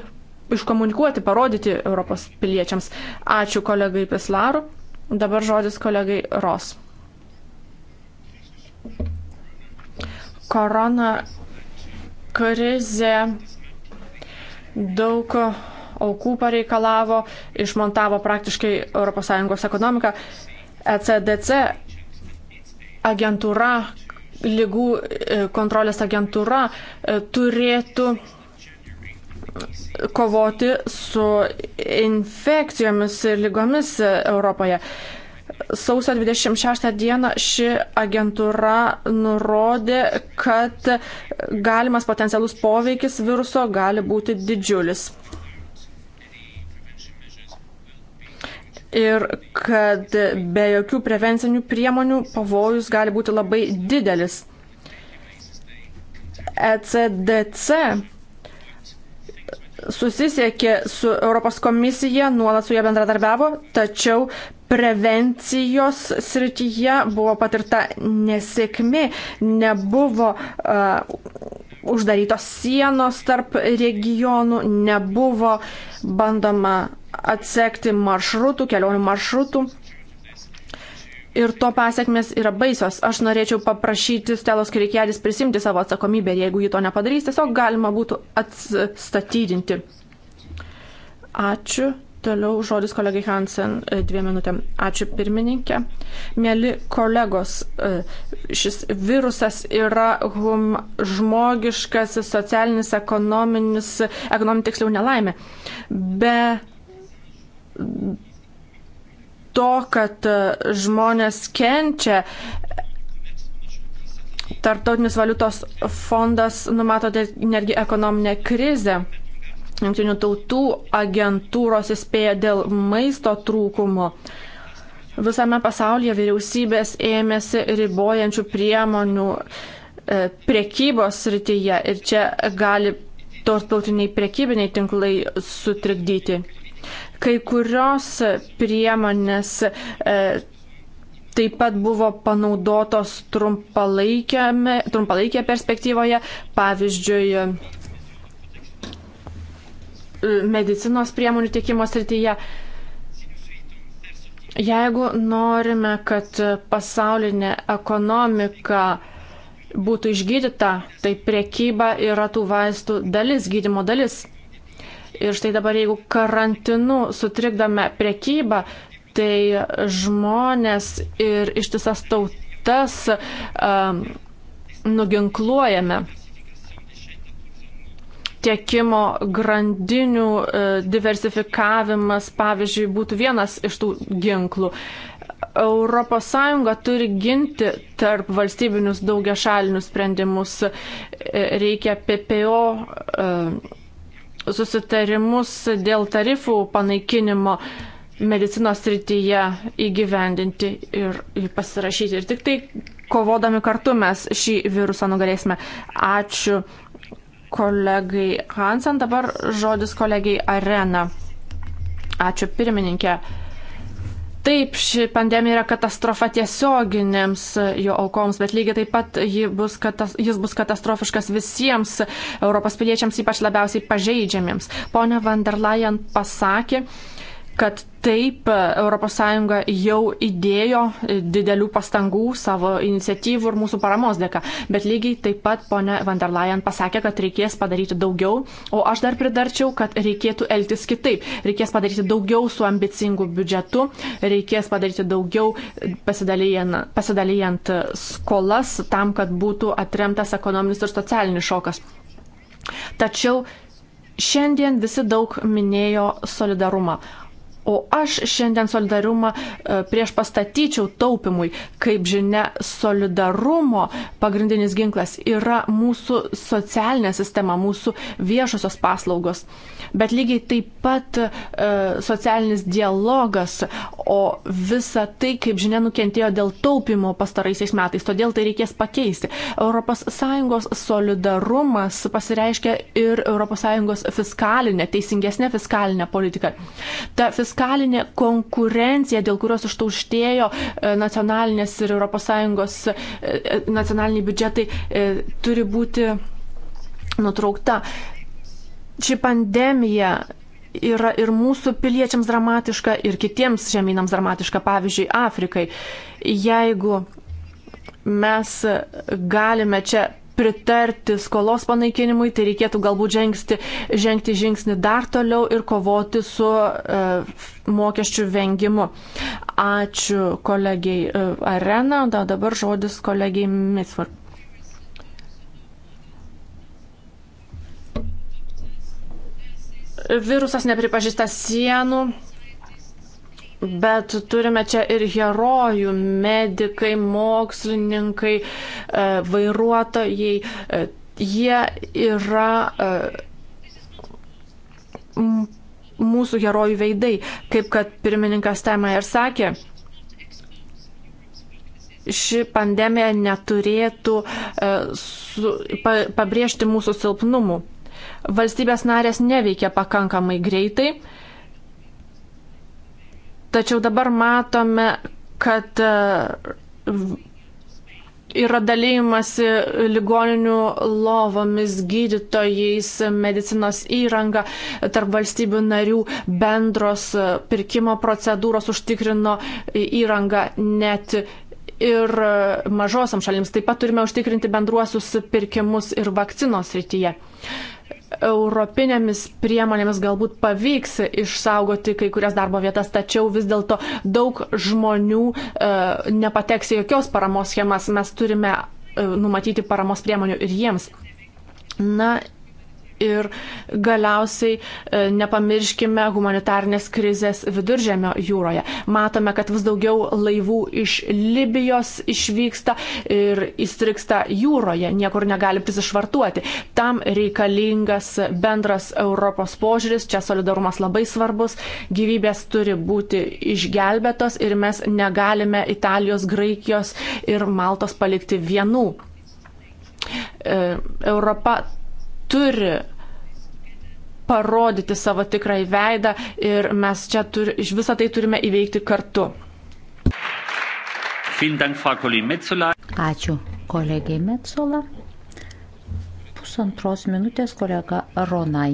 iškomunikuoti, parodyti Europos piliečiams. Ačiū kolegai Pislaru, dabar žodis kolegai Ros. Korona krizė daug aukų pareikalavo, išmontavo praktiškai ES ekonomiką. ECDC agentūra lygų e, kontrolės agentūra e, turėtų kovoti su infekcijomis ir lygomis Europoje. Sausio 26 dieną ši agentūra nurodė, kad galimas potencialus poveikis viruso gali būti didžiulis. ir kad be jokių prevencinių priemonių pavojus gali būti labai didelis. ECDC susisiekė su Europos komisija, nuolat su jie bendradarbiavo, tačiau prevencijos srityje buvo patirta nesėkmė, nebuvo uh, uždarytos sienos tarp regionų, nebuvo bandoma atsekti maršrutų, kelionių maršrutų. Ir to pasiekmes yra baisios. Aš norėčiau paprašyti Stelos Kirikėlis prisimti savo atsakomybę. Jeigu ji to nepadarys, tiesiog galima būtų atstatydinti. Ačiū. Toliau žodis kolegai Hansen e, dviem minutėm. Ačiū pirmininkė. Mėly kolegos, e, šis virusas yra hum, žmogiškas, socialinis, ekonominis, ekonomin tiksliau nelaimė. Be to, kad e, žmonės kenčia, Tartautinis valiutos fondas numato netgi ekonominę krizę. Junktinių tautų agentūros įspėja dėl maisto trūkumo. Visame pasaulyje vyriausybės ėmėsi ribojančių priemonių e, priekybos srityje ir čia gali tarptautiniai priekybiniai tinklai sutrikdyti. Kai kurios priemonės e, taip pat buvo panaudotos trumpalaikėje perspektyvoje, pavyzdžiui, e, medicinos priemonių tiekimo srityje. Jeigu norime, kad pasaulinė ekonomika būtų išgydyta, tai priekyba yra tų vaistų dalis, gydimo dalis. Ir štai dabar, jeigu karantinu sutrikdame prekybą, tai žmonės ir ištisas tautas um, nuginkluojame tiekimo grandinių e, diversifikavimas, pavyzdžiui, būtų vienas iš tų ginklų. ES turi ginti tarp valstybinius daugia šalinius sprendimus. E, reikia PPO e, susitarimus dėl tarifų panaikinimo medicinos srityje įgyvendinti ir pasirašyti. Ir tik tai kovodami kartu mes šį virusą nugalėsime. Ačiū kolegai Hansen, dabar žodis kolegiai Arena. Ačiū pirmininkė. Taip, ši pandemija yra katastrofa tiesioginėms e, jo aukoms, bet lygiai taip pat bus katas, jis bus katastrofiškas visiems Europos piliečiams, ypač labiausiai pažeidžiamiems. Pone van der Leyen pasakė, kad taip ES jau įdėjo e, didelių pastangų savo iniciatyvų ir mūsų paramos dėka. Bet lygiai taip pat ponia van der Leyen pasakė, kad reikės padaryti daugiau, o aš dar pridarčiau, kad reikėtų elgtis kitaip. Reikės padaryti daugiau su ambicingu biudžetu, reikės padaryti daugiau pasidalijant, e, pasidalijant e, skolas tam, kad būtų atremtas ekonominis ir socialinis šokas. Tačiau šiandien visi daug minėjo solidarumą. O aš šiandien solidarumą e, prieš pastatyčiau taupimui. Kaip žinia, solidarumo pagrindinis ginklas yra mūsų socialinė sistema, mūsų viešosios paslaugos. Bet lygiai taip pat e, socialinis dialogas, o visa tai, kaip žinia, nukentėjo dėl taupimo pastaraisiais metais, todėl tai reikės pakeisti. ES solidarumas pasireiškia ir ES fiskalinė, teisingesnė fiskalinė politika. Ta fiskalinė fiskalinė konkurencija, dėl kurios užtauštėjo e, nacionalinės ir ES e, e, nacionaliniai biudžetai, turi būti nutraukta. Ši pandemija yra ir mūsų piliečiams dramatiška, ir kitiems žemynams dramatiška, pavyzdžiui, Afrikai. Jeigu mes galime čia pritarti skolos panaikinimui, tai reikėtų galbūt žengsti, žengti žingsnį dar toliau ir kovoti su e, mokesčių vengimu. Ačiū kolegiai e, Arena, o dabar žodis kolegiai Misvarp. Virusas nepripažįsta sienų Bet turime čia ir herojų - medikai, mokslininkai, e, vairuotojai. E, jie yra e, mūsų herojų veidai, kaip kad pirmininkas tema ir sakė. Ši pandemija neturėtų su, pa, pabrėžti mūsų silpnumų. Valstybės narės neveikia pakankamai greitai, uh, Tačiau dabar matome, kad e, yra dalyjimasi ligoninių lovomis, gydytojais, medicinos įranga tarp valstybių narių, bendros pirkimo procedūros užtikrino įrangą net. Ir mažosiam šalims taip pat turime užtikrinti bendruosius pirkimus ir vakcinos rytyje europinėmis priemonėmis galbūt pavyks išsaugoti kai kurias darbo vietas, tačiau vis dėlto daug žmonių e, nepateks į jokios paramos schemas. Mes turime e, numatyti paramos priemonių ir jiems. Na Ir galiausiai e, nepamirškime humanitarnės krizės viduržėmio jūroje. Matome, kad vis daugiau laivų iš Libijos išvyksta ir įstriksta jūroje, niekur negali prisišvartuoti. Tam reikalingas bendras Europos požiūris, čia solidarumas labai svarbus, gyvybės turi būti išgelbėtos ir mes negalime Italijos, Graikijos ir Maltos palikti vienų. E, Europa turi parodyti savo tikrąjį veidą ir mes čia tur, iš visą tai turime įveikti kartu. Ačiū kolegiai Metsola. Pusantros minutės kolega Ronai.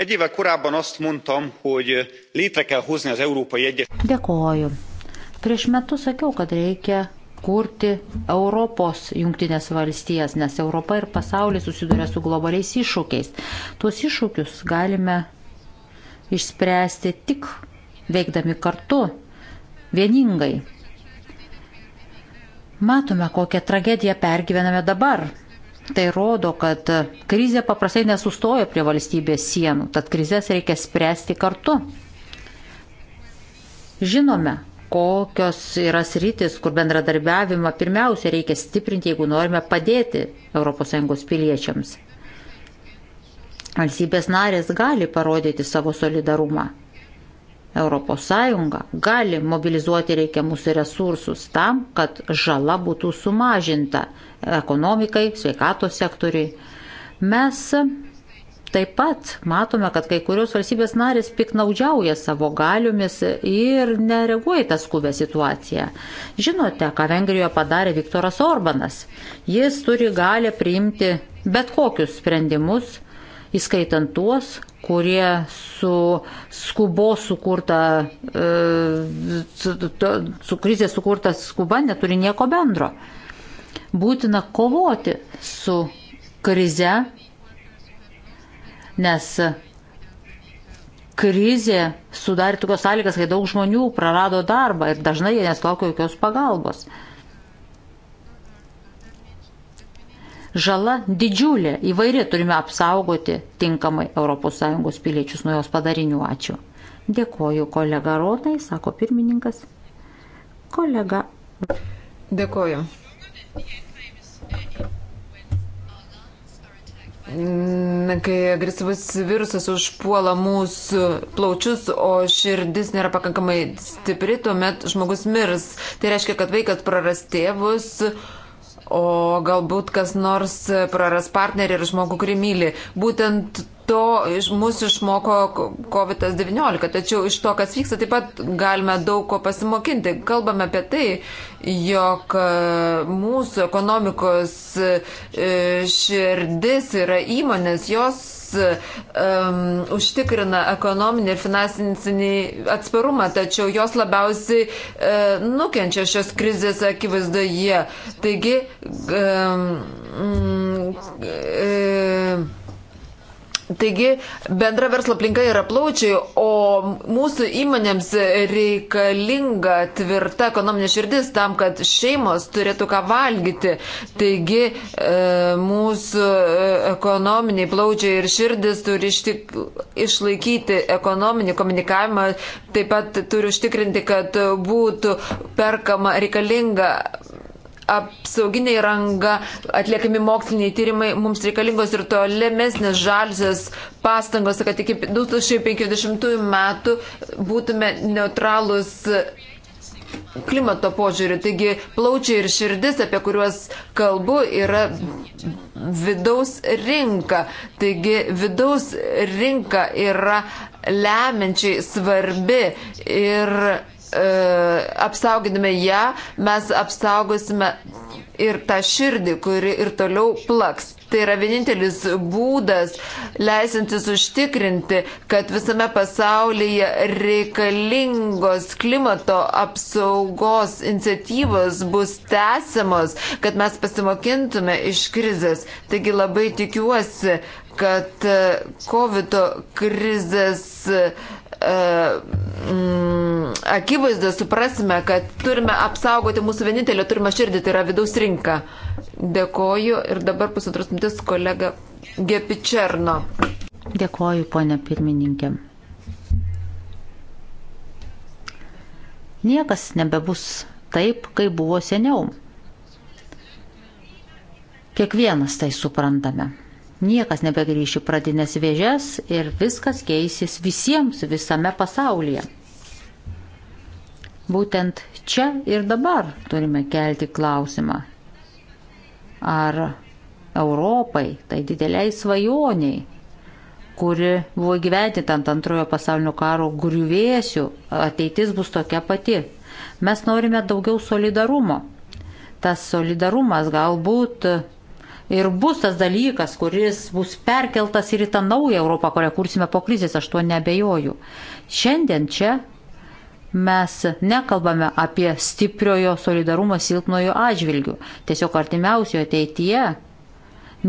Egy éve korábban azt mondtam, hogy létre kell hozni az Európai Egyesült. Dėkoju. Prieš metus sakiau, kad reikia kurti Europos jungtinės valstijas, nes Europa ir pasaulis susiduria su globaliais iššūkiais. Tuos iššūkius galime išspręsti tik veikdami kartu, vieningai. Matome, kokią tragediją pergyvename dabar. Tai rodo, kad krizė paprastai nesustoja prie valstybės sienų, tad krizės reikia spręsti kartu. Žinome, kokios yra sritis, kur bendradarbiavimą pirmiausia reikia stiprinti, jeigu norime padėti ES piliečiams. Valstybės narės gali parodyti savo solidarumą. ES gali mobilizuoti reikiamus resursus tam, kad žala būtų sumažinta ekonomikai, sveikatos sektoriui. Mes Taip pat matome, kad kai kurios valstybės narės piknaudžiauja savo galiomis ir nereaguoja tą skubę situaciją. Žinote, ką Vengrijoje padarė Viktoras Orbanas. Jis turi galę priimti bet kokius sprendimus, įskaitant tuos, kurie su skubo sukurta, e, su, su krizė sukurta skuba neturi nieko bendro. Būtina kovoti su krize nes krizė sudarė tokios sąlygas, kai daug žmonių prarado darbą ir dažnai jie nesulaukia jokios pagalbos. Žala didžiulė, įvairi turime apsaugoti tinkamai ES piliečius nuo jos padarinių. Ačiū. Dėkoju kolega Rodai, sako pirmininkas. Kolega. Dėkoju kai agresyvus virusas užpuola mūsų plaučius, o širdis nėra pakankamai stipri, tuomet žmogus mirs. Tai reiškia, kad vaikas praras tėvus, o galbūt kas nors praras partnerį ir žmogų, kurį myli. Būtent to iš mūsų išmoko COVID-19, tačiau iš to, kas vyksta, taip pat galime daug ko pasimokinti. Kalbame apie tai, jog e, mūsų ekonomikos e, širdis yra įmonės, jos um, užtikrina ekonominį ir finansinį atsparumą, tačiau jos labiausiai uh, nukenčia šios krizės akivaizdoje. Taigi, um, um, um, Taigi bendra verslo aplinka yra plaučiai, o mūsų įmonėms reikalinga tvirta ekonominė širdis tam, kad šeimos turėtų ką valgyti. Taigi e, mūsų e, ekonominiai plaučiai ir širdis turi ištik, išlaikyti ekonominį komunikavimą, taip pat turi užtikrinti, kad būtų perkama reikalinga apsauginė įranga, atliekami moksliniai tyrimai, mums reikalingos ir tolimesnės žalsios pastangos, kad iki 2050 metų būtume neutralus klimato požiūriu. Taigi plaučiai ir širdis, apie kuriuos kalbu, yra vidaus rinka. Taigi vidaus rinka yra lemiančiai svarbi ir E, apsauginime ją, mes apsaugosime ir tą širdį, kuri ir toliau plaks. Tai yra vienintelis būdas, leisintis užtikrinti, kad visame pasaulyje reikalingos klimato apsaugos iniciatyvos bus tęsiamos, kad mes pasimokintume iš krizės. Taigi labai tikiuosi, kad e, COVID krizės uh, E, mm, akivaizdą suprasime, kad turime apsaugoti mūsų vienintelį turimą širdį, tai yra vidaus rinka. Dėkoju ir dabar pusantros mintis kolega Gepičerno. Dėkoju, ponė pirmininkė. Niekas nebebus taip, kaip buvo seniau. Kiekvienas tai suprantame. Niekas nebegrįš į pradinės vėžes ir viskas keisys visiems visame pasaulyje. Būtent čia ir dabar turime kelti klausimą, ar Europai, tai dideliai svajoniai, kuri buvo gyventinta ant antrojo pasaulinio karo griuvėsių, ateitis bus tokia pati. Mes norime daugiau solidarumo. Tas solidarumas galbūt ir bus tas dalykas, kuris bus perkeltas ir į tą naują Europą, kurią kursime po krizės, aš tuo nebejoju. Šiandien čia mes nekalbame apie stipriojo solidarumo silpnojo atžvilgių. Tiesiog artimiausioje ateityje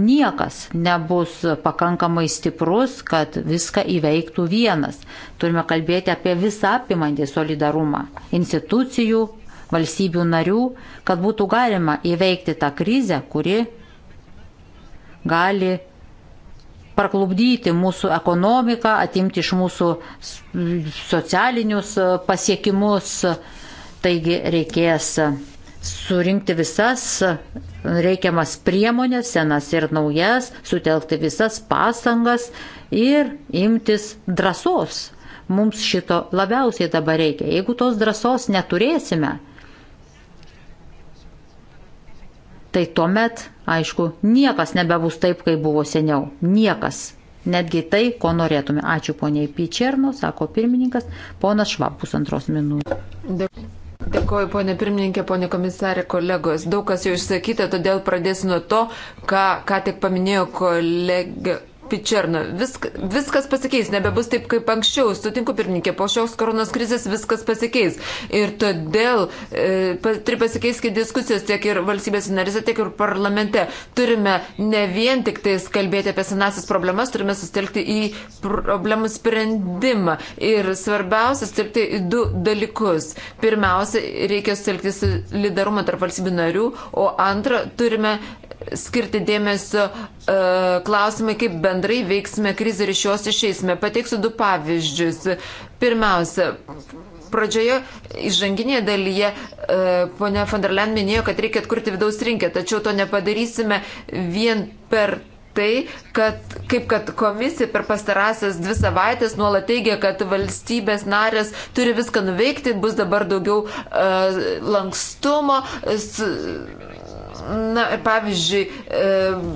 niekas nebus pakankamai stiprus, kad viską įveiktų vienas. Turime kalbėti apie visą apimantį solidarumą institucijų, valstybių narių, kad būtų galima įveikti tą krizę, kuri gali parklubdyti mūsų ekonomiką, atimti iš mūsų socialinius e, pasiekimus. Taigi reikės surinkti visas reikiamas priemonės, senas ir naujas, sutelkti visas pastangas ir imtis drąsos. Mums šito labiausiai dabar reikia. Jeigu tos drąsos neturėsime, tai tuomet, aišku, niekas nebebus taip, kaip buvo seniau. Niekas. Netgi tai, ko norėtume. Ačiū poniai Pičerno, sako pirmininkas, ponas Švab pusantros minutės. Dėkuoju, ponė pirmininkė, ponė komisarė, kolegos. Daug kas jau išsakyta, todėl pradėsiu nuo to, ką, ką tik paminėjo kolegė Pičerno, visk, viskas pasikeis, nebebus taip kaip anksčiau. Sutinku, pirmininkė, po šios koronos krizės viskas pasikeis. Ir todėl e, turi pasikeisti diskusijos tiek ir valstybės narise, tiek ir parlamente. Turime ne vien tik tais kalbėti apie senasis problemas, turime sustelkti į problemų sprendimą. Ir svarbiausia, sustelkti į du dalykus. Pirmiausia, reikia sustelkti solidarumą tarp valstybių narių, o antra, turime skirti dėmesio e, klausimai, kaip bendrai veiksime krizę ir iš jos išeisime. Pateiksiu du pavyzdžius. Pirmiausia, pradžioje įžanginėje dalyje e, ponia von der Leyen minėjo, kad reikia atkurti vidaus rinkę, tačiau to nepadarysime vien per tai, kad kaip kad komisija per pastarąsias dvi savaitės nuolat teigia, kad valstybės narės turi viską nuveikti, bus dabar daugiau uh, lankstumo, su, Na, pavyzdžiui, um,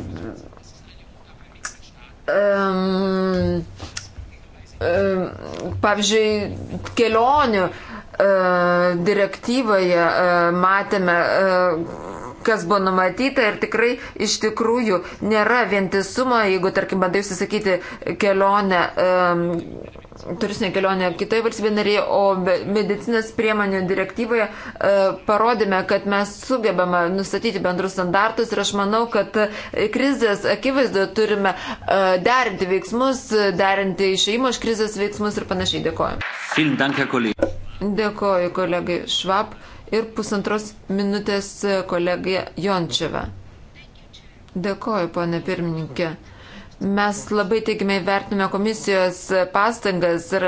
um, pavyzdžiui, kelionių uh, direktyvoje uh, matėme, uh, kas buvo numatyta ir tikrai iš tikrųjų nėra vientisumo, jeigu, tarkim, bandai užsisakyti kelionę um, turistinė kelionė kitai valstybė narėje, o medicinės priemonių direktyvoje e, parodėme, kad mes sugebame nustatyti bendrus standartus ir aš manau, kad e, krizės akivaizdoje turime e, derinti veiksmus, derinti išeimo iš krizės veiksmus ir panašiai. Dėkoju. Dėkoju kolegai Švab ir pusantros minutės kolegai Jončiava. Dėkoju, ponė pirmininkė. Mes labai teigiamai vertiname komisijos pastangas ir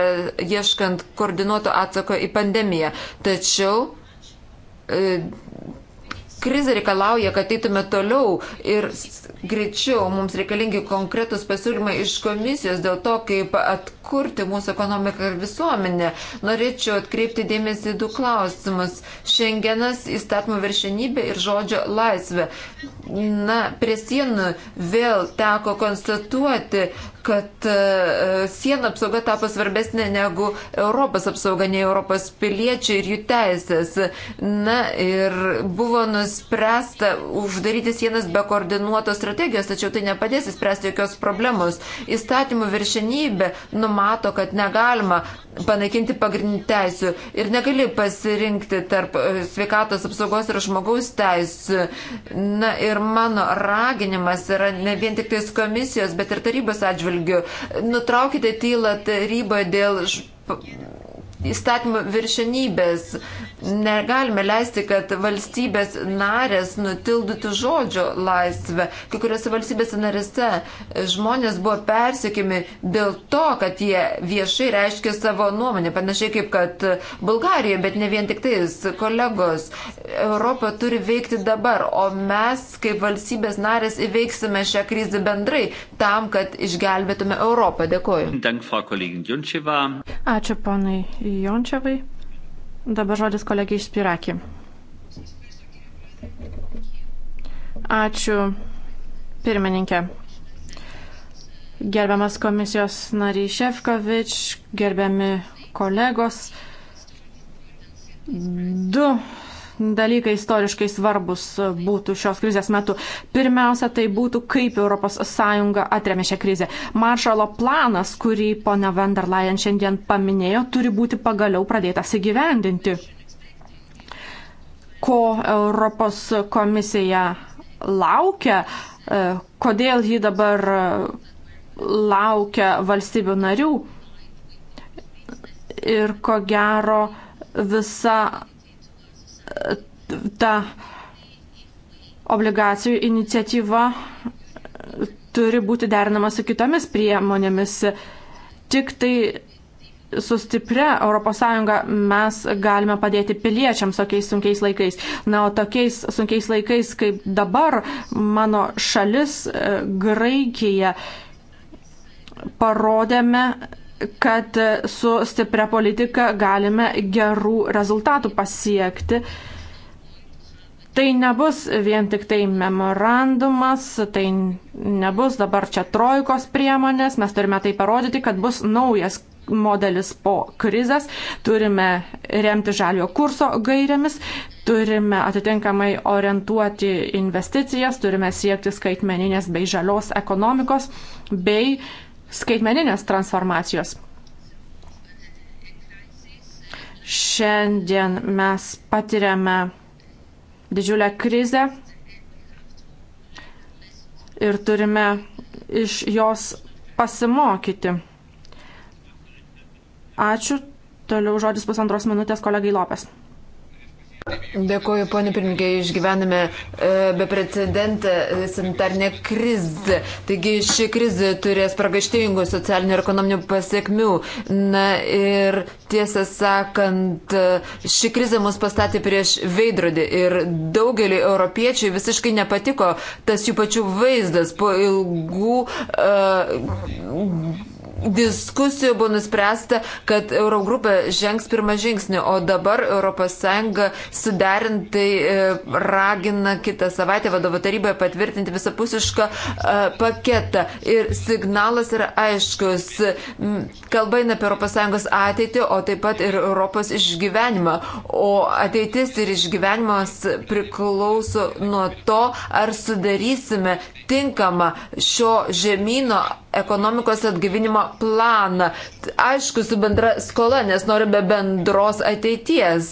ieškant koordinuoto atsako į pandemiją. Tačiau e, krizė reikalauja, kad eitume toliau ir greičiau mums reikalingi konkretus pasiūlymai iš komisijos dėl to, kaip at, atkurti mūsų ekonomiką ir visuomenę. Norėčiau atkreipti dėmesį du klausimus. Šengenas įstatymų viršenybė ir žodžio laisvė. Na, prie sienų vėl teko konstatuoti, kad e, sienų apsauga tapo svarbesnė negu Europos apsauga, nei Europos piliečiai ir jų teisės. Na ir buvo nuspręsta uždaryti sienas be koordinuotos strategijos, tačiau tai nepadės įspręsti jokios problemos. Įstatymų viršenybė numato mato, kad negalima panaikinti pagrindinių teisių ir negali pasirinkti tarp e, sveikatos apsaugos ir žmogaus teisų. Na ir mano raginimas yra ne vien tik tais komisijos, bet ir tarybos atžvilgių. Nutraukite tylą taryboje dėl įstatymų viršenybės. Negalime leisti, kad valstybės narės nutildytų žodžio laisvę. Kai kuriuose valstybės narėse žmonės buvo persikimi dėl to, kad jie viešai reiškė savo nuomonę, panašiai kaip kad Bulgarijoje, bet ne vien tik tais kolegos. Europa turi veikti dabar, o mes kaip valstybės narės įveiksime šią krizę bendrai tam, kad išgelbėtume Europą. Dėkuoju. Ačiū, ponai Jončiavai. Dabar žodis kolegiai Špiraki. Ačiū, pirmininkė. Gerbiamas komisijos nariai Šefkovič, gerbiami kolegos. Du dalykai istoriškai svarbus būtų šios krizės metu. Pirmiausia, tai būtų, kaip ES atremė šią krizę. Maršalo planas, kurį ponia van der Leyen šiandien paminėjo, turi būti pagaliau pradėtas įgyvendinti. Ko Europos komisija laukia, e, kodėl ji dabar e, laukia valstybių narių ir ko gero visa ta obligacijų iniciatyva turi būti derinama su kitomis priemonėmis. Tik tai su stipria ES mes galime padėti piliečiams tokiais sunkiais laikais. Na, o tokiais sunkiais laikais, kaip dabar mano šalis e, Graikija, parodėme kad su stipria politika galime gerų rezultatų pasiekti. Tai nebus vien tik tai memorandumas, tai nebus dabar čia trojkos priemonės, mes turime tai parodyti, kad bus naujas modelis po krizės, turime remti žalio kurso gairiamis, turime atitinkamai orientuoti investicijas, turime siekti skaitmeninės bei žalios ekonomikos bei skaitmeninės transformacijos. Šiandien mes patiriame didžiulę krizę ir turime iš jos pasimokyti. Ačiū. Toliau žodis pusantros minutės kolegai Lopes. Dėkuoju, ponė pirmininkė, išgyvename e, beprecedentę sanitarnę krizę. Taigi ši krizė turės pragaštingų socialinių ir ekonominių pasiekmių. Na ir tiesą sakant, ši krizė mus pastatė prieš veidrodį ir daugeliu europiečių visiškai nepatiko tas jų pačių vaizdas po ilgų. E, diskusijų buvo nuspręsta, kad Eurogrupė žengs pirmą žingsnį, o dabar ES suderintai e, ragina kitą savaitę vadovo taryboje patvirtinti visapusišką e, paketą. Ir signalas yra aiškus. Kalba eina apie ES ateitį, o taip pat ir Europos išgyvenimą. O ateitis ir išgyvenimas priklauso nuo to, ar sudarysime tinkamą šio žemynų ekonomikos atgyvinimo planą. Aišku, su bendra skola, nes norime bendros ateities.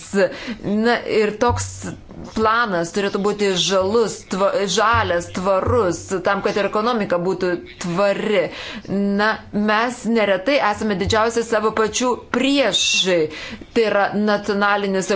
Na, ir toks planas turėtų būti žalus, tva, žalias, tvarus, tam, kad ir ekonomika būtų tvari. Na, mes neretai esame didžiausi savo pačių priešai. Tai yra nacionalinis